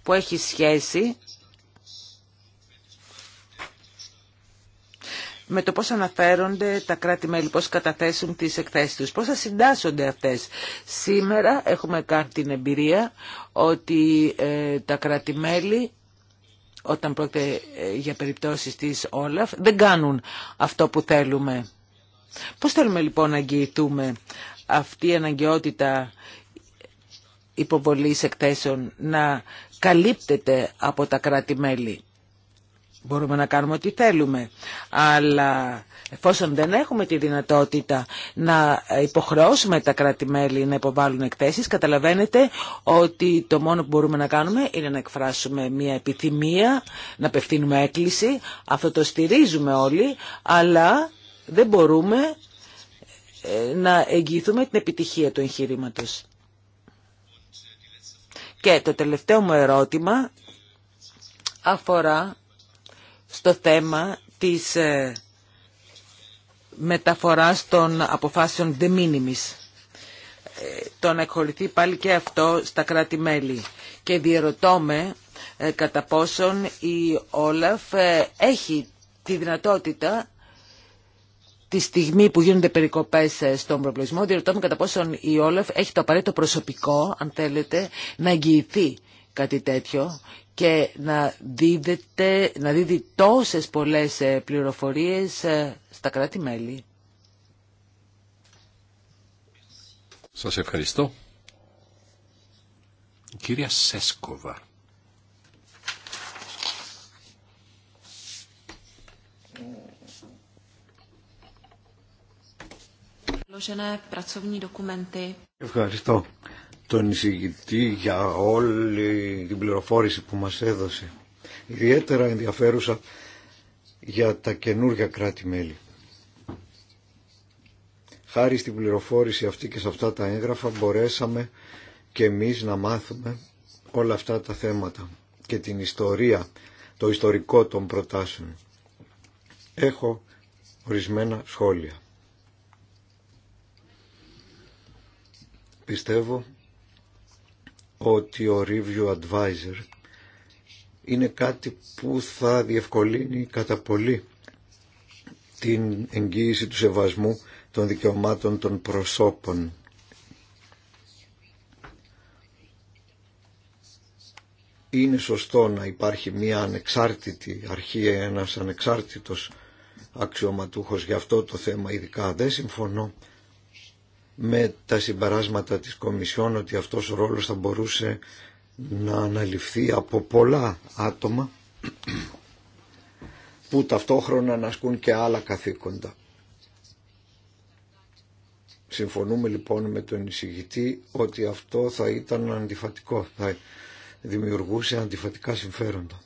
που έχει σχέση με το πώς αναφέρονται τα κράτη-μέλη, πώς καταθέσουν τις εκθέσεις τους, πώς θα συντάσσονται αυτές. Σήμερα έχουμε κάνει την εμπειρία ότι ε, τα κράτη-μέλη, όταν πρόκειται ε, για περιπτώσεις της Όλαφ, δεν κάνουν αυτό που θέλουμε. Πώς θέλουμε λοιπόν να αγγιηθούμε αυτή η αναγκαιότητα υποβολής εκθέσεων να καλύπτεται από τα κράτη-μέλη. Μπορούμε να κάνουμε ό,τι θέλουμε, αλλά εφόσον δεν έχουμε τη δυνατότητα να υποχρεώσουμε τα κράτη-μέλη να υποβάλουν εκθέσεις, καταλαβαίνετε ότι το μόνο που μπορούμε να κάνουμε είναι να εκφράσουμε μια επιθυμία, να απευθύνουμε έκκληση, αυτό το στηρίζουμε όλοι, αλλά δεν μπορούμε ε, να εγγυηθούμε την επιτυχία του εγχειρήματο. Και το τελευταίο μου ερώτημα αφορά στο θέμα της ε, μεταφοράς των αποφάσεων de minimis. Ε, το να εκχωρηθεί πάλι και αυτό στα κράτη-μέλη. Και διερωτώ με κατά πόσον η Όλαφ έχει τη δυνατότητα τη στιγμή που γίνονται περικοπές ε, στον προπλογισμό, διερωτώ με κατά πόσον η Όλεφ έχει το απαραίτητο προσωπικό, αν θέλετε, να εγγυηθεί κάτι τέτοιο και να, δίδεται, να δίδει τόσες πολλές ε, πληροφορίες ε, στα κράτη-μέλη. Σας ευχαριστώ. Κυρία Σέσκοβα. Ευχαριστώ τον εισηγητή για όλη την πληροφόρηση που μας έδωσε. Ιδιαίτερα ενδιαφέρουσα για τα καινούργια κράτη-μέλη. Χάρη στην πληροφόρηση αυτή και σε αυτά τα έγγραφα μπορέσαμε και εμείς να μάθουμε όλα αυτά τα θέματα και την ιστορία, το ιστορικό των προτάσεων. Έχω ορισμένα σχόλια. Πιστεύω ότι ο Review Advisor είναι κάτι που θα διευκολύνει κατά πολύ την εγγύηση του σεβασμού των δικαιωμάτων των προσώπων. Είναι σωστό να υπάρχει μία ανεξάρτητη αρχή, ένας ανεξάρτητος αξιωματούχος για αυτό το θέμα ειδικά. Δεν συμφωνώ με τα συμπεράσματα της Κομισιόν ότι αυτός ο ρόλος θα μπορούσε να αναλυφθεί από πολλά άτομα που ταυτόχρονα να ασκούν και άλλα καθήκοντα. Συμφωνούμε λοιπόν με τον εισηγητή ότι αυτό θα ήταν αντιφατικό, θα δημιουργούσε αντιφατικά συμφέροντα.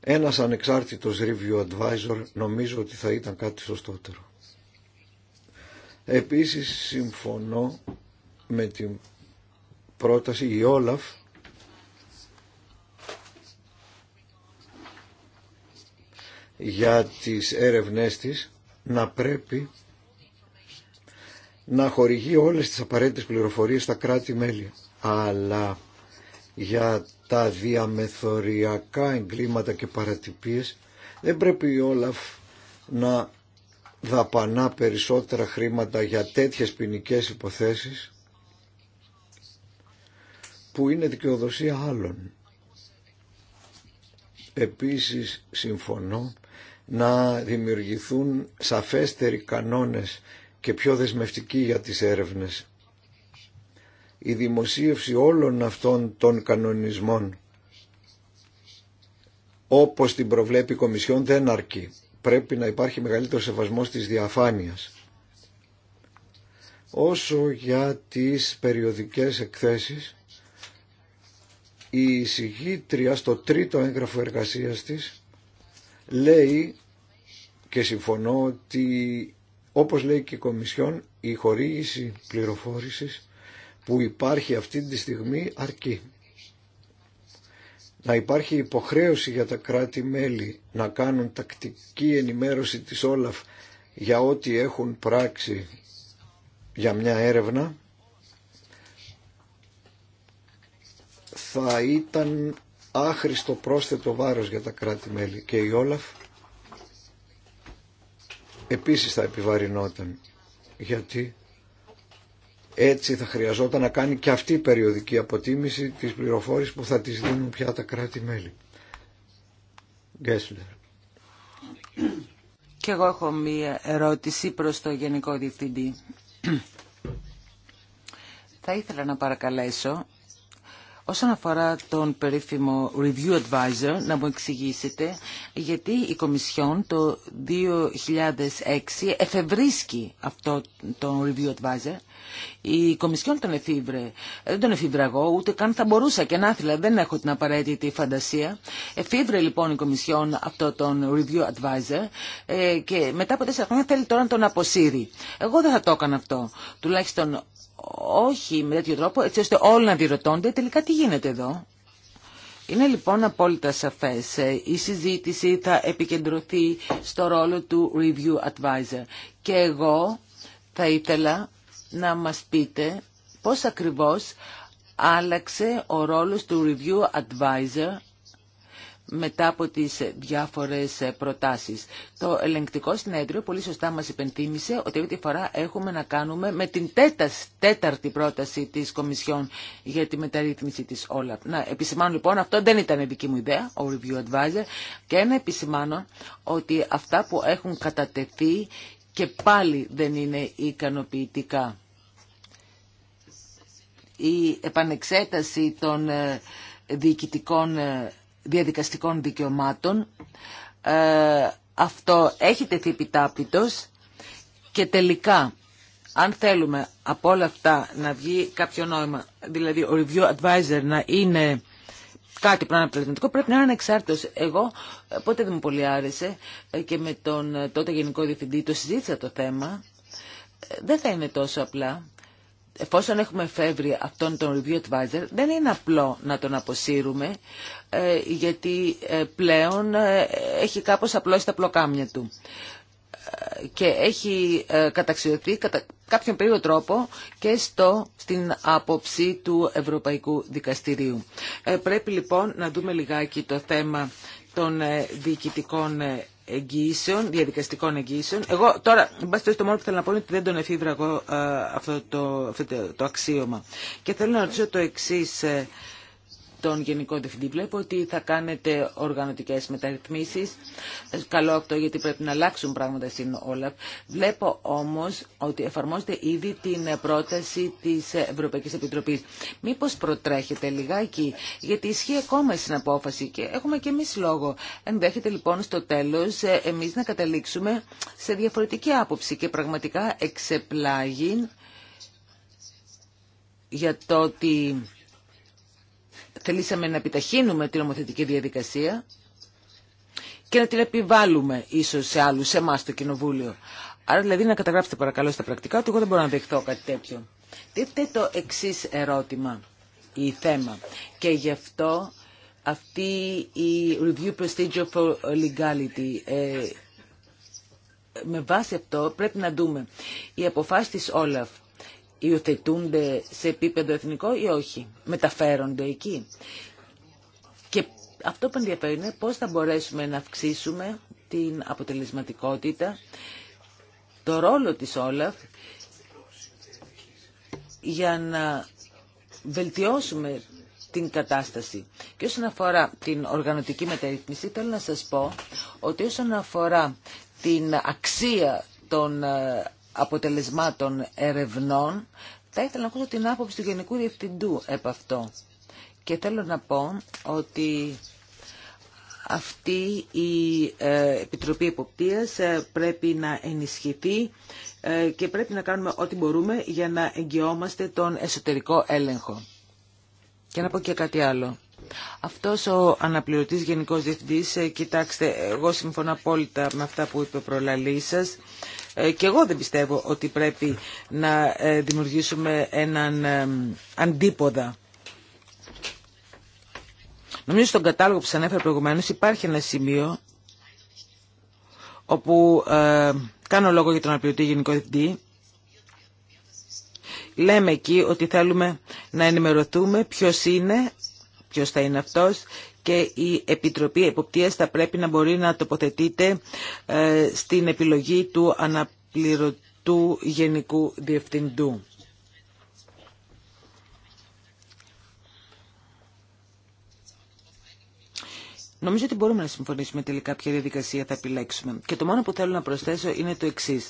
Ένας ανεξάρτητος review advisor νομίζω ότι θα ήταν κάτι σωστότερο. Επίσης συμφωνώ με την πρόταση η Όλαφ για τις έρευνές της να πρέπει να χορηγεί όλες τις απαραίτητες πληροφορίες στα κράτη-μέλη. Αλλά για τα διαμεθοριακά εγκλήματα και παρατυπίες δεν πρέπει η Όλαφ να δαπανά περισσότερα χρήματα για τέτοιες ποινικέ υποθέσεις που είναι δικαιοδοσία άλλων. Επίσης συμφωνώ να δημιουργηθούν σαφέστεροι κανόνες και πιο δεσμευτικοί για τις έρευνες. Η δημοσίευση όλων αυτών των κανονισμών όπως την προβλέπει η Κομισιόν δεν αρκεί πρέπει να υπάρχει μεγαλύτερο σεβασμός της διαφάνειας. Όσο για τις περιοδικές εκθέσεις, η εισηγήτρια στο τρίτο έγγραφο εργασίας της λέει και συμφωνώ ότι όπως λέει και η Κομισιόν η χορήγηση πληροφόρησης που υπάρχει αυτή τη στιγμή αρκεί να υπάρχει υποχρέωση για τα κράτη-μέλη να κάνουν τακτική ενημέρωση της Όλαφ για ό,τι έχουν πράξει για μια έρευνα θα ήταν άχρηστο πρόσθετο βάρος για τα κράτη-μέλη και η Όλαφ επίσης θα επιβαρυνόταν γιατί έτσι θα χρειαζόταν να κάνει και αυτή η περιοδική αποτίμηση της πληροφόρηση που θα τις δίνουν πια τα κράτη-μέλη. Γκέσλερ. Και εγώ έχω μία ερώτηση προς το Γενικό Διευθυντή. Θα ήθελα να παρακαλέσω Όσον αφορά τον περίφημο Review Advisor, να μου εξηγήσετε γιατί η Κομισιόν το 2006 εφευρίσκει αυτό τον Review Advisor. Η Κομισιόν τον εφήβρε. Δεν τον εφήβρα εγώ, ούτε καν θα μπορούσα και να ήθελα. Δεν έχω την απαραίτητη φαντασία. Εφήβρε λοιπόν η Κομισιόν αυτό τον Review Advisor ε, και μετά από τέσσερα χρόνια θέλει τώρα να τον αποσύρει. Εγώ δεν θα το έκανα αυτό. Τουλάχιστον όχι με τέτοιο τρόπο, έτσι ώστε όλοι να διρωτώνται τελικά τι γίνεται εδώ. Είναι λοιπόν απόλυτα σαφές. Η συζήτηση θα επικεντρωθεί στο ρόλο του Review Advisor. Και εγώ θα ήθελα να μας πείτε πώς ακριβώς άλλαξε ο ρόλος του Review Advisor μετά από τις διάφορες προτάσεις. Το ελεγκτικό συνέδριο πολύ σωστά μας υπενθύμησε ότι αυτή τη φορά έχουμε να κάνουμε με την τέταρτη πρόταση της Κομισιόν για τη μεταρρύθμιση της όλα. Να επισημάνω λοιπόν, αυτό δεν ήταν δική μου ιδέα, ο Review Advisor, και να επισημάνω ότι αυτά που έχουν κατατεθεί και πάλι δεν είναι ικανοποιητικά. Η επανεξέταση των ε, διοικητικών ε, διαδικαστικών δικαιωμάτων. Ε, αυτό έχει τεθεί πιτάπιτος και τελικά αν θέλουμε από όλα αυτά να βγει κάποιο νόημα, δηλαδή ο review advisor να είναι κάτι που πρέπει να είναι ανεξάρτητος. Εγώ ε, ποτέ δεν μου πολύ άρεσε ε, και με τον τότε Γενικό Διευθυντή το συζήτησα το θέμα. Δεν θα είναι τόσο απλά εφόσον έχουμε φεύγει αυτόν τον review advisor, δεν είναι απλό να τον αποσύρουμε, ε, γιατί ε, πλέον ε, έχει κάπως απλώσει τα πλοκάμια του και έχει καταξιωθεί κατά κάποιον περίοδο τρόπο και στο, στην άποψη του Ευρωπαϊκού Δικαστηρίου. πρέπει λοιπόν να δούμε λιγάκι το θέμα των διοικητικών εγγυήσεων, διαδικαστικών εγγυήσεων. Εγώ τώρα, εν πάση το μόνο που θέλω να πω είναι ότι δεν τον εφήβρα εγώ αυτό, το, αυτό το, το, αξίωμα. Και θέλω να ρωτήσω το εξή. Ε, τον Γενικό Διευθυντή. Βλέπω ότι θα κάνετε οργανωτικές μεταρρυθμίσεις. Ε, καλό αυτό γιατί πρέπει να αλλάξουν πράγματα στην Όλαφ. Βλέπω όμως ότι εφαρμόζεται ήδη την πρόταση της Ευρωπαϊκής Επιτροπής. Μήπως προτρέχετε λιγάκι, γιατί ισχύει ακόμα στην απόφαση και έχουμε και εμείς λόγο. Ενδέχεται λοιπόν στο τέλος ε, εμείς να καταλήξουμε σε διαφορετική άποψη και πραγματικά εξεπλάγει για το ότι θελήσαμε να επιταχύνουμε την νομοθετική διαδικασία και να την επιβάλλουμε ίσως σε άλλους, σε εμά το Κοινοβούλιο. Άρα δηλαδή να καταγράψετε παρακαλώ στα πρακτικά ότι εγώ δεν μπορώ να δεχθώ κάτι τέτοιο. Δείτε το εξή ερώτημα ή θέμα και γι' αυτό αυτή η Review Procedure for Legality ε, με βάση αυτό πρέπει να δούμε η αποφάση της Όλαφ υιοθετούνται σε επίπεδο εθνικό ή όχι, μεταφέρονται εκεί. Και αυτό που ενδιαφέρει είναι πώς θα μπορέσουμε να αυξήσουμε την αποτελεσματικότητα, το ρόλο της Όλαφ για να βελτιώσουμε την κατάσταση. Και όσον αφορά την οργανωτική μεταρρύθμιση, θέλω να σας πω ότι όσον αφορά την αξία των ε, αποτελεσμάτων ερευνών, θα ήθελα να ακούσω την άποψη του Γενικού Διευθυντού επ' αυτό. Και θέλω να πω ότι αυτή η ε, Επιτροπή Εποπτείας ε, πρέπει να ενισχυθεί ε, και πρέπει να κάνουμε ό,τι μπορούμε για να εγγυόμαστε τον εσωτερικό έλεγχο. Και να πω και κάτι άλλο. Αυτός ο αναπληρωτής γενικός διευθυντής, κοιτάξτε, εγώ συμφωνώ απόλυτα με αυτά που είπε ο προλαλής σας. Ε, και εγώ δεν πιστεύω ότι πρέπει να ε, δημιουργήσουμε έναν ε, αντίποδα. Νομίζω στον κατάλογο που σας ανέφερα προηγουμένως υπάρχει ένα σημείο όπου κάνω λόγο για τον απληρωτή γενικό διευθυντή. Λέμε εκεί ότι θέλουμε να ενημερωθούμε ποιος είναι, ποιος θα είναι αυτός και η Επιτροπή Εποπτείας θα πρέπει να μπορεί να τοποθετείται ε, στην επιλογή του αναπληρωτού Γενικού Διευθυντού. Νομίζω ότι μπορούμε να συμφωνήσουμε τελικά ποια διαδικασία θα επιλέξουμε. Και το μόνο που θέλω να προσθέσω είναι το εξή.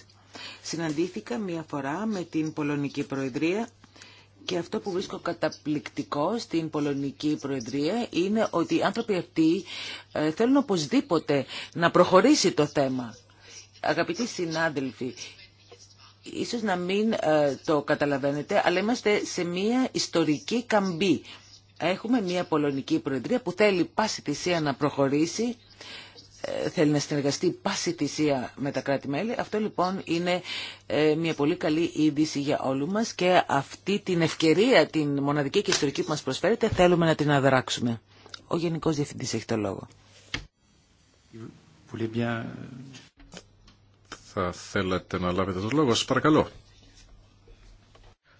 Συναντήθηκα μία φορά με την Πολωνική Προεδρία και αυτό που βρίσκω καταπληκτικό στην Πολωνική Προεδρία είναι ότι οι άνθρωποι αυτοί ε, θέλουν οπωσδήποτε να προχωρήσει το θέμα. Αγαπητοί συνάδελφοι, ίσως να μην ε, το καταλαβαίνετε, αλλά είμαστε σε μια ιστορική καμπή. Έχουμε μια Πολωνική Προεδρία που θέλει πάση θυσία να προχωρήσει ε, θέλει να συνεργαστεί πάση θυσία με τα κράτη-μέλη. Αυτό λοιπόν είναι ε, μια πολύ καλή είδηση για όλου μας και αυτή την ευκαιρία, την μοναδική και ιστορική που μας προσφέρεται, θέλουμε να την αδράξουμε. Ο Γενικός Διευθυντής έχει το λόγο. Euh, Θα θέλατε να λάβετε το λόγο. Σας παρακαλώ.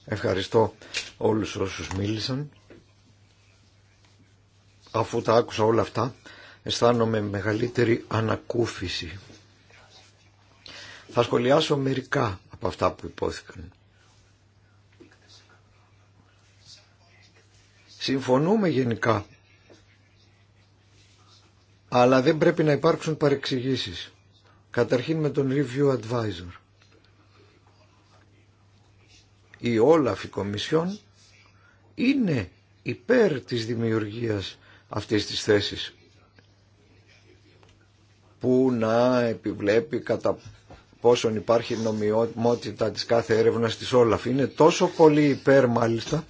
Ευχαριστώ όλους όσους μίλησαν. Αφού τα άκουσα όλα αυτά, αισθάνομαι μεγαλύτερη ανακούφιση. Θα σχολιάσω μερικά από αυτά που υπόθηκαν. Συμφωνούμε γενικά, αλλά δεν πρέπει να υπάρξουν παρεξηγήσεις. Καταρχήν με τον Review Advisor. Η όλαφη Κομισιόν είναι υπέρ της δημιουργίας αυτής της θέσης που να επιβλέπει κατά πόσον υπάρχει νομιμότητα της κάθε έρευνας της Όλαφ. Είναι τόσο πολύ υπέρ μάλιστα,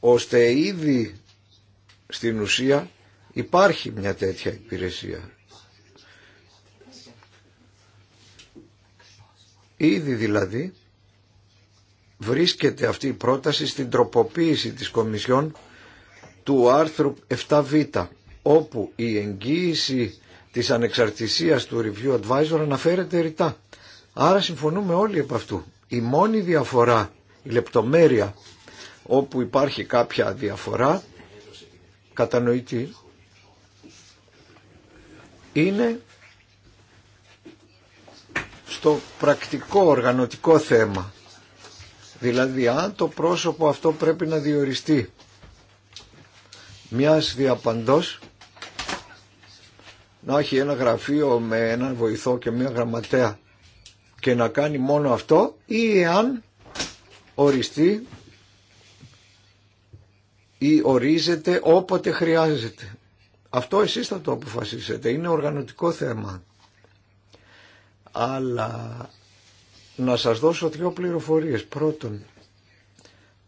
ώστε ήδη στην ουσία υπάρχει μια τέτοια υπηρεσία. Ήδη δηλαδή βρίσκεται αυτή η πρόταση στην τροποποίηση της Κομισιόν του άρθρου 7β, όπου η εγγύηση της ανεξαρτησίας του Review Advisor αναφέρεται ρητά. Άρα συμφωνούμε όλοι επ' αυτού. Η μόνη διαφορά, η λεπτομέρεια όπου υπάρχει κάποια διαφορά κατανοητή είναι στο πρακτικό οργανωτικό θέμα. Δηλαδή αν το πρόσωπο αυτό πρέπει να διοριστεί μιας διαπαντός να έχει ένα γραφείο με έναν βοηθό και μια γραμματέα και να κάνει μόνο αυτό ή εάν οριστεί ή ορίζεται όποτε χρειάζεται. Αυτό εσείς θα το αποφασίσετε. Είναι οργανωτικό θέμα. Αλλά να σας δώσω δύο πληροφορίες. Πρώτον,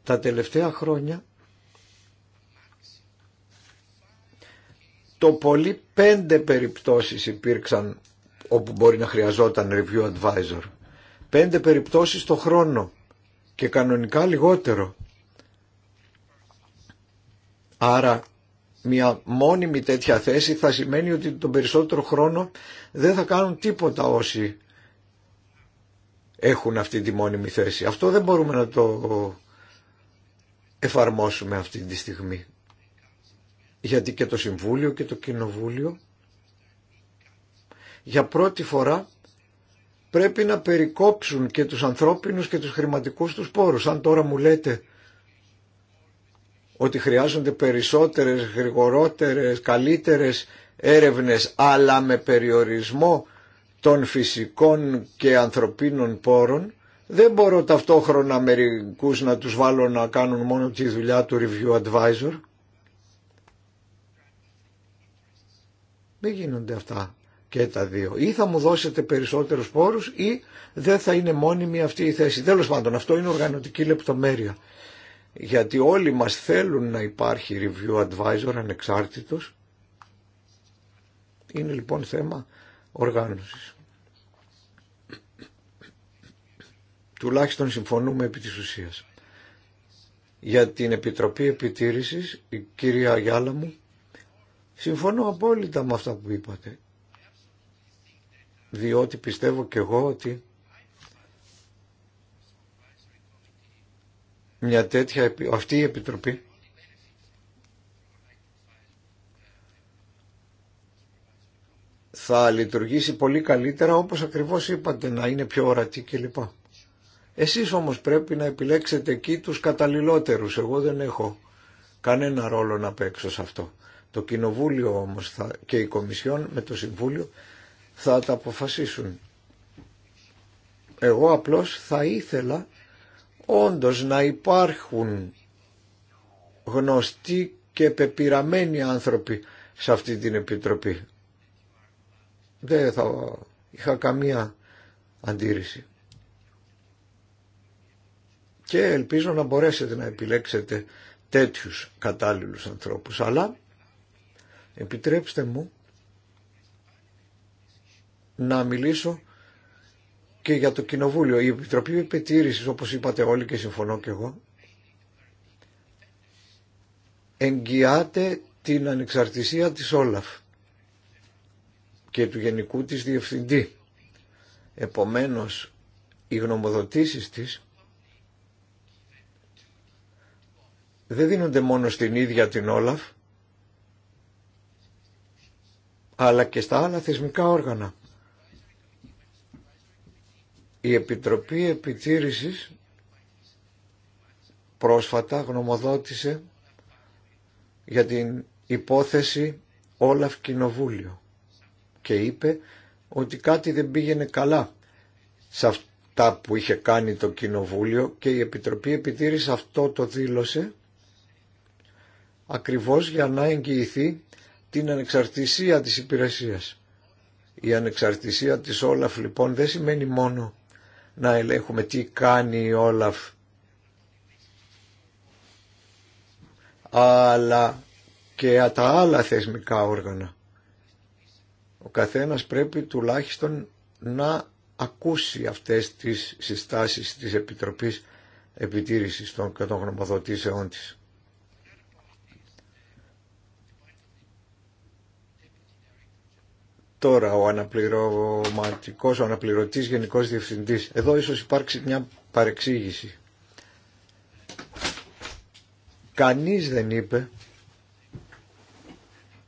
τα τελευταία χρόνια το πολύ πέντε περιπτώσεις υπήρξαν όπου μπορεί να χρειαζόταν review advisor. Πέντε περιπτώσεις το χρόνο και κανονικά λιγότερο. Άρα μια μόνιμη τέτοια θέση θα σημαίνει ότι τον περισσότερο χρόνο δεν θα κάνουν τίποτα όσοι έχουν αυτή τη μόνιμη θέση. Αυτό δεν μπορούμε να το εφαρμόσουμε αυτή τη στιγμή γιατί και το Συμβούλιο και το Κοινοβούλιο για πρώτη φορά πρέπει να περικόψουν και τους ανθρώπινους και τους χρηματικούς τους πόρους. Αν τώρα μου λέτε ότι χρειάζονται περισσότερες, γρηγορότερες, καλύτερες έρευνες αλλά με περιορισμό των φυσικών και ανθρωπίνων πόρων δεν μπορώ ταυτόχρονα μερικούς να τους βάλω να κάνουν μόνο τη δουλειά του Review Advisor Δεν γίνονται αυτά και τα δύο. Ή θα μου δώσετε περισσότερους πόρους ή δεν θα είναι μόνιμη αυτή η θέση. Τέλος πάντων αυτό είναι οργανωτική λεπτομέρεια. Γιατί όλοι μας θέλουν να υπάρχει review advisor ανεξάρτητος. Είναι λοιπόν θέμα οργάνωσης. Τουλάχιστον συμφωνούμε επί της ουσίας. Για την Επιτροπή Επιτήρησης, η κυρία Γιάλα μου Συμφωνώ απόλυτα με αυτά που είπατε. Διότι πιστεύω και εγώ ότι μια τέτοια, αυτή η Επιτροπή θα λειτουργήσει πολύ καλύτερα όπως ακριβώς είπατε να είναι πιο ορατή κλπ. Εσείς όμως πρέπει να επιλέξετε εκεί τους καταλληλότερους. Εγώ δεν έχω κανένα ρόλο να παίξω σε αυτό. Το Κοινοβούλιο όμως θα, και η Κομισιόν με το Συμβούλιο θα τα αποφασίσουν. Εγώ απλώς θα ήθελα όντως να υπάρχουν γνωστοί και πεπειραμένοι άνθρωποι σε αυτή την Επιτροπή. Δεν θα είχα καμία αντίρρηση. Και ελπίζω να μπορέσετε να επιλέξετε τέτοιους κατάλληλους ανθρώπους. Αλλά Επιτρέψτε μου να μιλήσω και για το Κοινοβούλιο. Η Επιτροπή Επιτήρησης, όπως είπατε όλοι και συμφωνώ και εγώ, εγγυάται την ανεξαρτησία της Όλαφ και του Γενικού της Διευθυντή. Επομένως, οι γνωμοδοτήσεις της δεν δίνονται μόνο στην ίδια την Όλαφ, αλλά και στα άλλα θεσμικά όργανα. Η Επιτροπή Επιτήρησης πρόσφατα γνωμοδότησε για την υπόθεση Όλαφ Κοινοβούλιο και είπε ότι κάτι δεν πήγαινε καλά σε αυτά που είχε κάνει το Κοινοβούλιο και η Επιτροπή Επιτήρησης αυτό το δήλωσε ακριβώς για να εγγυηθεί την ανεξαρτησία της υπηρεσίας. Η ανεξαρτησία της Όλαφ λοιπόν δεν σημαίνει μόνο να ελέγχουμε τι κάνει η Όλαφ αλλά και τα άλλα θεσμικά όργανα. Ο καθένας πρέπει τουλάχιστον να ακούσει αυτές τις συστάσεις της Επιτροπής Επιτήρησης των Κατογνωμοδοτήσεών της. Τώρα ο αναπληρωματικός, ο αναπληρωτής γενικός διευθυντής. Εδώ ίσως υπάρξει μια παρεξήγηση. Κανείς δεν είπε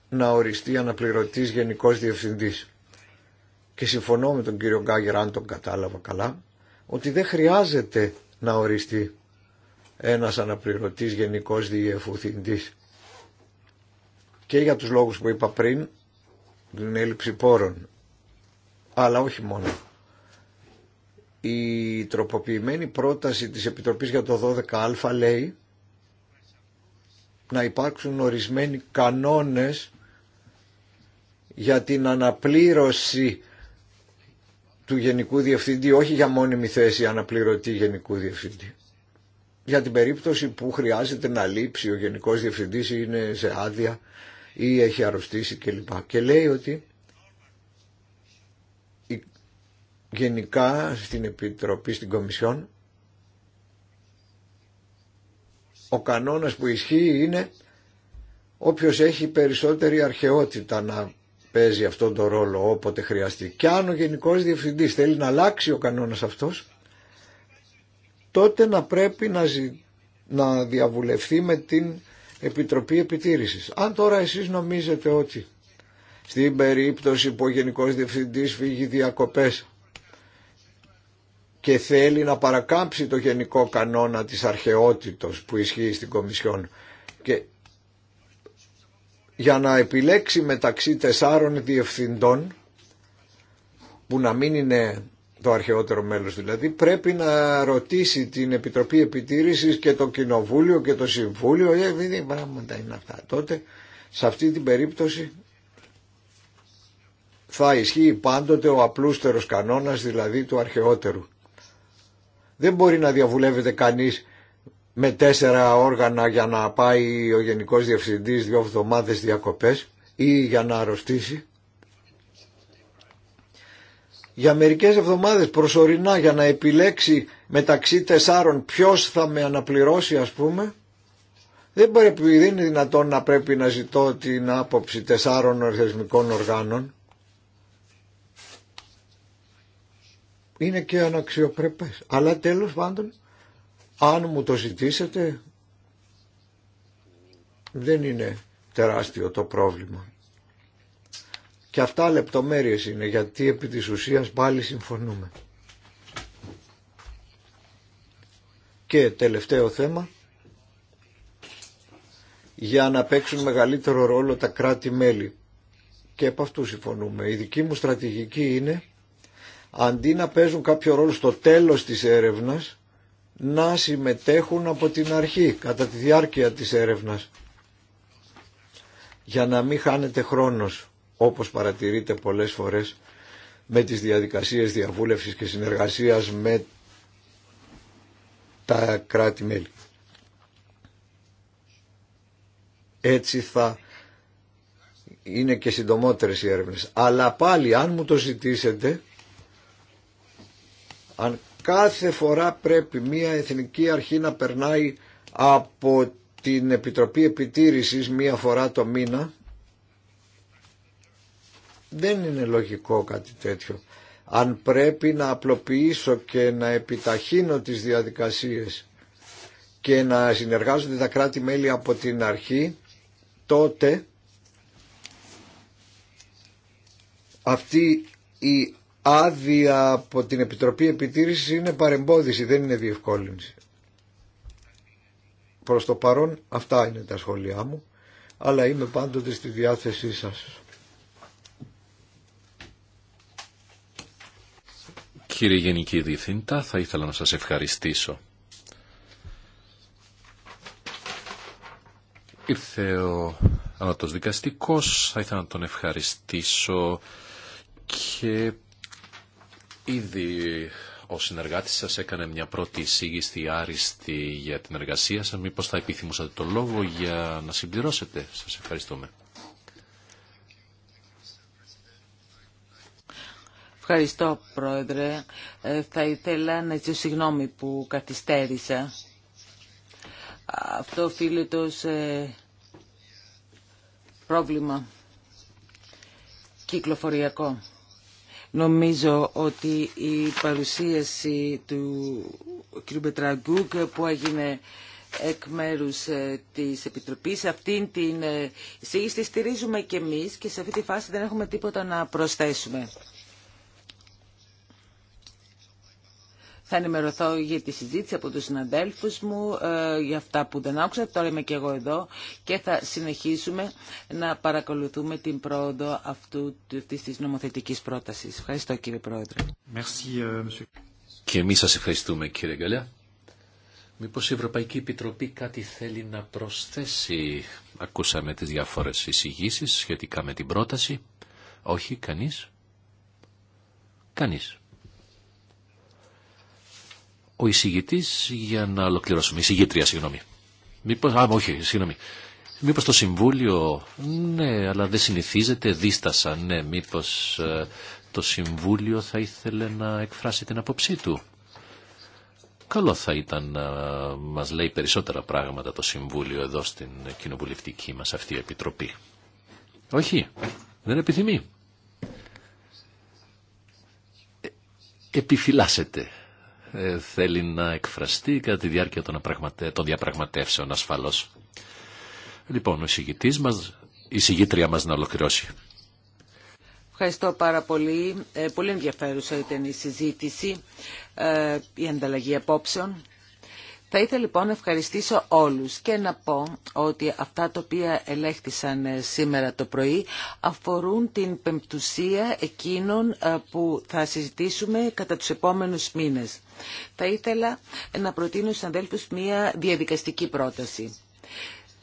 να οριστεί αναπληρωτής γενικός διευθυντής. Και συμφωνώ με τον κύριο Γκάγερ, αν τον κατάλαβα καλά, ότι δεν χρειάζεται να οριστεί ένας αναπληρωτής γενικός διευθυντής. Και για τους λόγους που είπα πριν, την έλλειψη πόρων. Αλλά όχι μόνο. Η τροποποιημένη πρόταση της Επιτροπής για το 12α λέει να υπάρξουν ορισμένοι κανόνες για την αναπλήρωση του Γενικού Διευθυντή, όχι για μόνιμη θέση αναπληρωτή Γενικού Διευθυντή. Για την περίπτωση που χρειάζεται να λείψει ο Γενικός Διευθυντής ή είναι σε άδεια ή έχει αρρωστήσει κλπ. Και λέει ότι γενικά στην Επιτροπή, στην Κομισιόν, ο κανόνας που ισχύει είναι όποιος έχει περισσότερη αρχαιότητα να παίζει αυτόν τον ρόλο όποτε χρειαστεί. Και αν ο Γενικός Διευθυντής θέλει να αλλάξει ο κανόνας αυτός, τότε να πρέπει να, να διαβουλευθεί με την Επιτροπή Επιτήρησης. Αν τώρα εσείς νομίζετε ότι στην περίπτωση που ο Γενικός Διευθυντής φύγει διακοπές και θέλει να παρακάμψει το γενικό κανόνα της αρχαιότητος που ισχύει στην Κομισιόν και για να επιλέξει μεταξύ τεσσάρων διευθυντών που να μην είναι το αρχαιότερο μέλος δηλαδή, πρέπει να ρωτήσει την Επιτροπή Επιτήρησης και το Κοινοβούλιο και το Συμβούλιο, γιατί «Ε, πράγματα είναι αυτά. Τότε, σε αυτή την περίπτωση, θα ισχύει πάντοτε ο απλούστερος κανόνας, δηλαδή του αρχαιότερου. Δεν μπορεί να διαβουλεύεται κανείς με τέσσερα όργανα για να πάει ο Γενικός Διευθυντής δύο εβδομάδες διακοπές ή για να αρρωστήσει για μερικές εβδομάδες προσωρινά για να επιλέξει μεταξύ τεσσάρων ποιος θα με αναπληρώσει ας πούμε δεν, πρέπει, δεν είναι δυνατόν να πρέπει να ζητώ την άποψη τεσσάρων θεσμικών οργάνων είναι και αναξιοπρεπές αλλά τέλος πάντων αν μου το ζητήσετε δεν είναι τεράστιο το πρόβλημα και αυτά λεπτομέρειες είναι γιατί επί της ουσίας πάλι συμφωνούμε. Και τελευταίο θέμα, για να παίξουν μεγαλύτερο ρόλο τα κράτη-μέλη. Και από αυτού συμφωνούμε. Η δική μου στρατηγική είναι, αντί να παίζουν κάποιο ρόλο στο τέλος της έρευνας, να συμμετέχουν από την αρχή, κατά τη διάρκεια της έρευνας, για να μην χάνεται χρόνος όπως παρατηρείται πολλές φορές με τις διαδικασίες διαβούλευσης και συνεργασίας με τα κράτη-μέλη. Έτσι θα είναι και συντομότερες οι έρευνες. Αλλά πάλι αν μου το ζητήσετε, αν κάθε φορά πρέπει μια εθνική αρχή να περνάει από την Επιτροπή Επιτήρησης μία φορά το μήνα, δεν είναι λογικό κάτι τέτοιο. Αν πρέπει να απλοποιήσω και να επιταχύνω τις διαδικασίες και να συνεργάζονται τα κράτη-μέλη από την αρχή, τότε αυτή η άδεια από την Επιτροπή Επιτήρησης είναι παρεμπόδιση, δεν είναι διευκόλυνση. Προς το παρόν αυτά είναι τα σχόλιά μου, αλλά είμαι πάντοτε στη διάθεσή σας. Κύριε Γενική Διευθύντα, θα ήθελα να σας ευχαριστήσω. Ήρθε ο Ανατός Δικαστικός, θα ήθελα να τον ευχαριστήσω και ήδη ο συνεργάτης σας έκανε μια πρώτη εισήγηση άριστη για την εργασία σας. Μήπως θα επιθυμούσατε το λόγο για να συμπληρώσετε. Σας ευχαριστούμε. Ευχαριστώ, Πρόεδρε. Ε, θα ήθελα να ζητήσω συγγνώμη που καθυστέρησα. Αυτό οφείλεται σε πρόβλημα κυκλοφοριακό. Νομίζω ότι η παρουσίαση του κ. Μπετραγκούκ που έγινε εκ μέρους ε, της Επιτροπής. Αυτήν την ε, εισήγηση στηρίζουμε και εμείς και σε αυτή τη φάση δεν έχουμε τίποτα να προσθέσουμε. Θα ενημερωθώ για τη συζήτηση από τους συναντέλφους μου, ε, για αυτά που δεν άκουσα. Τώρα είμαι και εγώ εδώ και θα συνεχίσουμε να παρακολουθούμε την πρόοδο αυτού, αυτής της νομοθετικής πρότασης. Ευχαριστώ κύριε Πρόεδρε. Ε, και εμείς σας ευχαριστούμε κύριε Γκαλιά. Μήπως η Ευρωπαϊκή Επιτροπή κάτι θέλει να προσθέσει. Ακούσαμε τις διάφορες εισηγήσεις σχετικά με την πρόταση. Όχι, κανείς. Κανείς ο εισηγητή για να ολοκληρώσουμε. Η εισηγήτρια, συγγνώμη. Μήπω α, όχι, Μήπως το Συμβούλιο, ναι, αλλά δεν συνηθίζεται, δίστασα, ναι, μήπω ε, το Συμβούλιο θα ήθελε να εκφράσει την απόψή του. Καλό θα ήταν να μας λέει περισσότερα πράγματα το Συμβούλιο εδώ στην κοινοβουλευτική μας αυτή η Επιτροπή. Όχι, δεν επιθυμεί. Ε, επιφυλάσσεται ε, θέλει να εκφραστεί κατά τη διάρκεια των, διαπραγματεύσεων ασφαλώς. Λοιπόν, ο εισηγητής η εισηγήτρια μας να ολοκληρώσει. Ευχαριστώ πάρα πολύ. Ε, πολύ ενδιαφέρουσα ήταν η συζήτηση, ε, η ανταλλαγή απόψεων. Θα ήθελα λοιπόν να ευχαριστήσω όλους και να πω ότι αυτά τα οποία ελέγχθησαν ε, σήμερα το πρωί αφορούν την πεμπτουσία εκείνων ε, που θα συζητήσουμε κατά τους επόμενους μήνες. Θα ήθελα να προτείνω στους αδέλφους μία διαδικαστική πρόταση.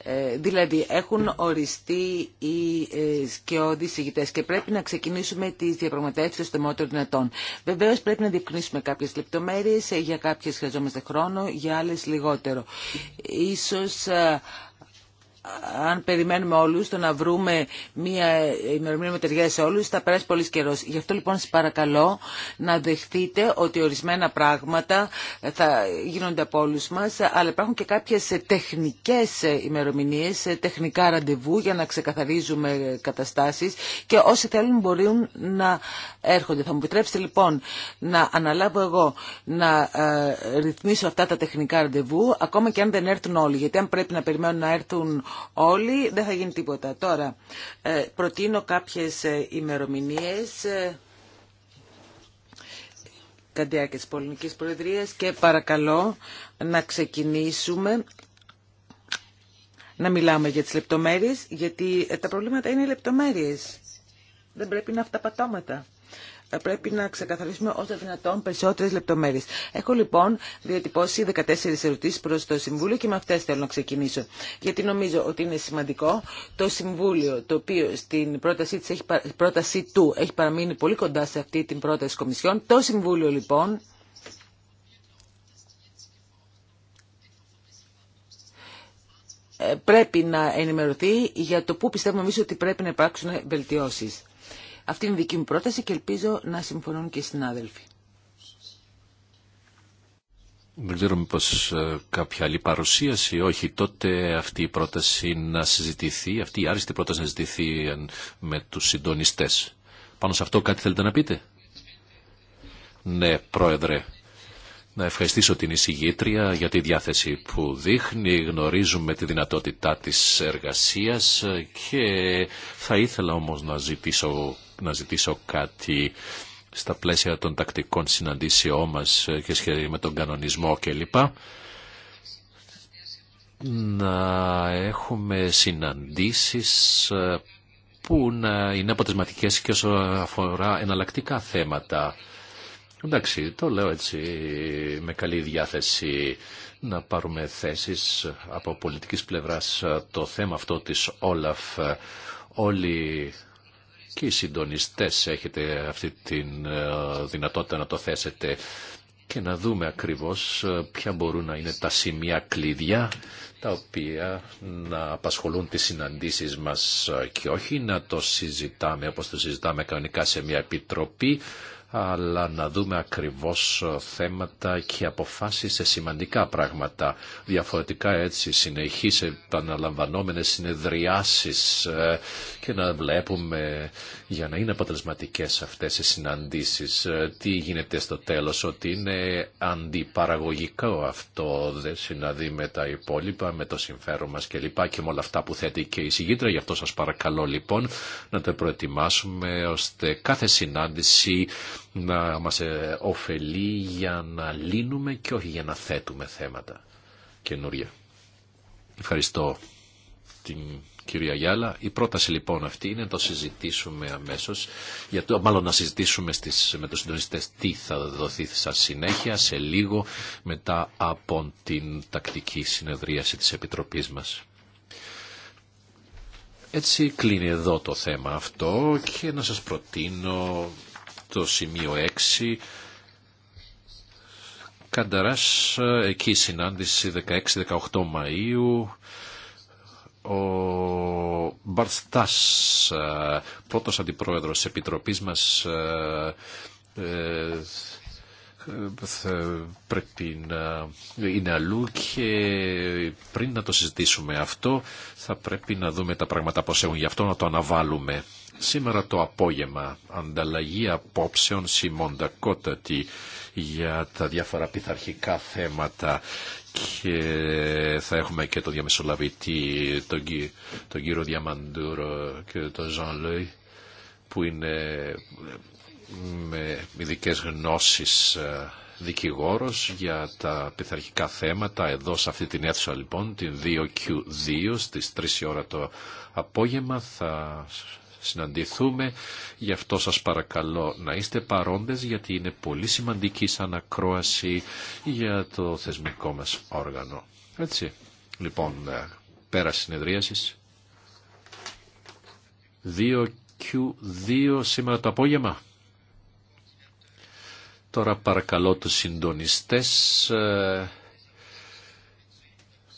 Ε, δηλαδή έχουν οριστεί οι ε, σκιώδεις ηγητές και πρέπει να ξεκινήσουμε τις διαπραγματεύσεις των μόντων δυνατών. Βεβαίως πρέπει να διευκρινίσουμε κάποιες λεπτομέρειες, ε, για κάποιες χρειαζόμαστε χρόνο, για άλλες λιγότερο. Ίσως αν περιμένουμε όλους το να βρούμε μια ημερομηνία με ταιριά σε όλους θα περάσει πολύ καιρό. Γι' αυτό λοιπόν σας παρακαλώ να δεχτείτε ότι ορισμένα πράγματα θα γίνονται από όλους μας αλλά υπάρχουν και κάποιες τεχνικές ημερομηνίες, τεχνικά ραντεβού για να ξεκαθαρίζουμε καταστάσεις και όσοι θέλουν μπορούν να έρχονται. Θα μου επιτρέψετε λοιπόν να αναλάβω εγώ να ε, ρυθμίσω αυτά τα τεχνικά ραντεβού ακόμα και αν δεν έρθουν όλοι γιατί αν πρέπει να περιμένουν να έρθουν όλοι, δεν θα γίνει τίποτα. Τώρα, ε, προτείνω κάποιες ε, ημερομηνίες ε, καντιάκες της Προεδρίας και παρακαλώ να ξεκινήσουμε να μιλάμε για τις λεπτομέρειες, γιατί τα προβλήματα είναι οι λεπτομέρειες. Δεν πρέπει να αυτά πρέπει να ξεκαθαρίσουμε όσο δυνατόν περισσότερες λεπτομέρειες. Έχω λοιπόν διατυπώσει 14 ερωτήσεις προς το Συμβούλιο και με αυτέ θέλω να ξεκινήσω. Γιατί νομίζω ότι είναι σημαντικό το Συμβούλιο το οποίο στην πρότασή, της έχει, πρότασή του έχει παραμείνει πολύ κοντά σε αυτή την πρόταση Κομισιόν. Το Συμβούλιο λοιπόν ε, πρέπει να ενημερωθεί για το πού πιστεύουμε εμείς ότι πρέπει να υπάρξουν βελτιώσεις. Αυτή είναι η δική μου πρόταση και ελπίζω να συμφωνούν και οι συνάδελφοι. Δεν ξέρω μήπως ε, κάποια άλλη παρουσίαση. Όχι, τότε αυτή η πρόταση να συζητηθεί, αυτή η άριστη πρόταση να συζητηθεί ε, με τους συντονιστέ. Πάνω σε αυτό κάτι θέλετε να πείτε. Ναι, πρόεδρε να ευχαριστήσω την εισηγήτρια για τη διάθεση που δείχνει. Γνωρίζουμε τη δυνατότητά της εργασίας και θα ήθελα όμως να ζητήσω, να ζητήσω κάτι στα πλαίσια των τακτικών συναντήσεών μας και σχετικά με τον κανονισμό κλπ. Να έχουμε συναντήσεις που να είναι αποτελεσματικές και όσο αφορά εναλλακτικά θέματα Εντάξει, το λέω έτσι με καλή διάθεση να πάρουμε θέσεις από πολιτικής πλευράς το θέμα αυτό της Όλαφ. Όλοι και οι συντονιστές έχετε αυτή τη ε, δυνατότητα να το θέσετε και να δούμε ακριβώς ε, ποια μπορούν να είναι τα σημεία κλειδιά τα οποία να απασχολούν τις συναντήσεις μας και όχι να το συζητάμε όπως το συζητάμε κανονικά σε μια επιτροπή αλλά να δούμε ακριβώς ε, θέματα και αποφάσεις σε σημαντικά πράγματα. Διαφορετικά έτσι συνεχείς επαναλαμβανόμενες συνεδριάσεις ε, και να βλέπουμε για να είναι αποτελεσματικές αυτές οι συναντήσεις ε, τι γίνεται στο τέλος, ότι είναι αντιπαραγωγικό αυτό, δεν συναντή με τα υπόλοιπα, με το συμφέρον μας κλπ. και με όλα αυτά που θέτει και η συγκήτρια. Γι' αυτό σας παρακαλώ λοιπόν να το προετοιμάσουμε ώστε κάθε συνάντηση να μας ε, ωφελεί για να λύνουμε και όχι για να θέτουμε θέματα καινούρια. Ευχαριστώ την κυρία Γιάλα. Η πρόταση λοιπόν αυτή είναι να το συζητήσουμε αμέσως, για το, μάλλον να συζητήσουμε στις, με τους συντονιστές τι θα δοθεί σαν συνέχεια σε λίγο μετά από την τακτική συνεδρίαση της Επιτροπής μας. Έτσι κλείνει εδώ το θέμα αυτό και να σας προτείνω το σημείο 6 Κανταράς, εκεί συνάντηση 16-18 Μαΐου, ο Μπαρθτάς πρώτος αντιπρόεδρος της Επιτροπής μας, ε, ε, πρέπει να είναι αλλού και πριν να το συζητήσουμε αυτό θα πρέπει να δούμε τα πράγματα πώς έχουν γι' αυτό να το αναβάλουμε. Σήμερα το απόγευμα ανταλλαγή απόψεων σημοντακότατη για τα διάφορα πειθαρχικά θέματα και θα έχουμε και το διαμεσολαβητή, τον, κύριο Διαμαντούρο και τον Ζαν που είναι με ειδικέ γνώσεις ε, δικηγόρος για τα πειθαρχικά θέματα εδώ σε αυτή την αίθουσα λοιπόν την 2Q2 στις 3 η ώρα το απόγευμα θα συναντηθούμε. Γι' αυτό σας παρακαλώ να είστε παρόντες γιατί είναι πολύ σημαντική σαν ακρόαση για το θεσμικό μας όργανο. Έτσι. Λοιπόν, ε, πέρα συνεδρίασης. 2Q2 σήμερα το απόγευμα. Τώρα παρακαλώ τους συντονιστές ε,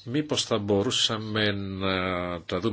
μήπως θα μπορούσαμε να τα δούμε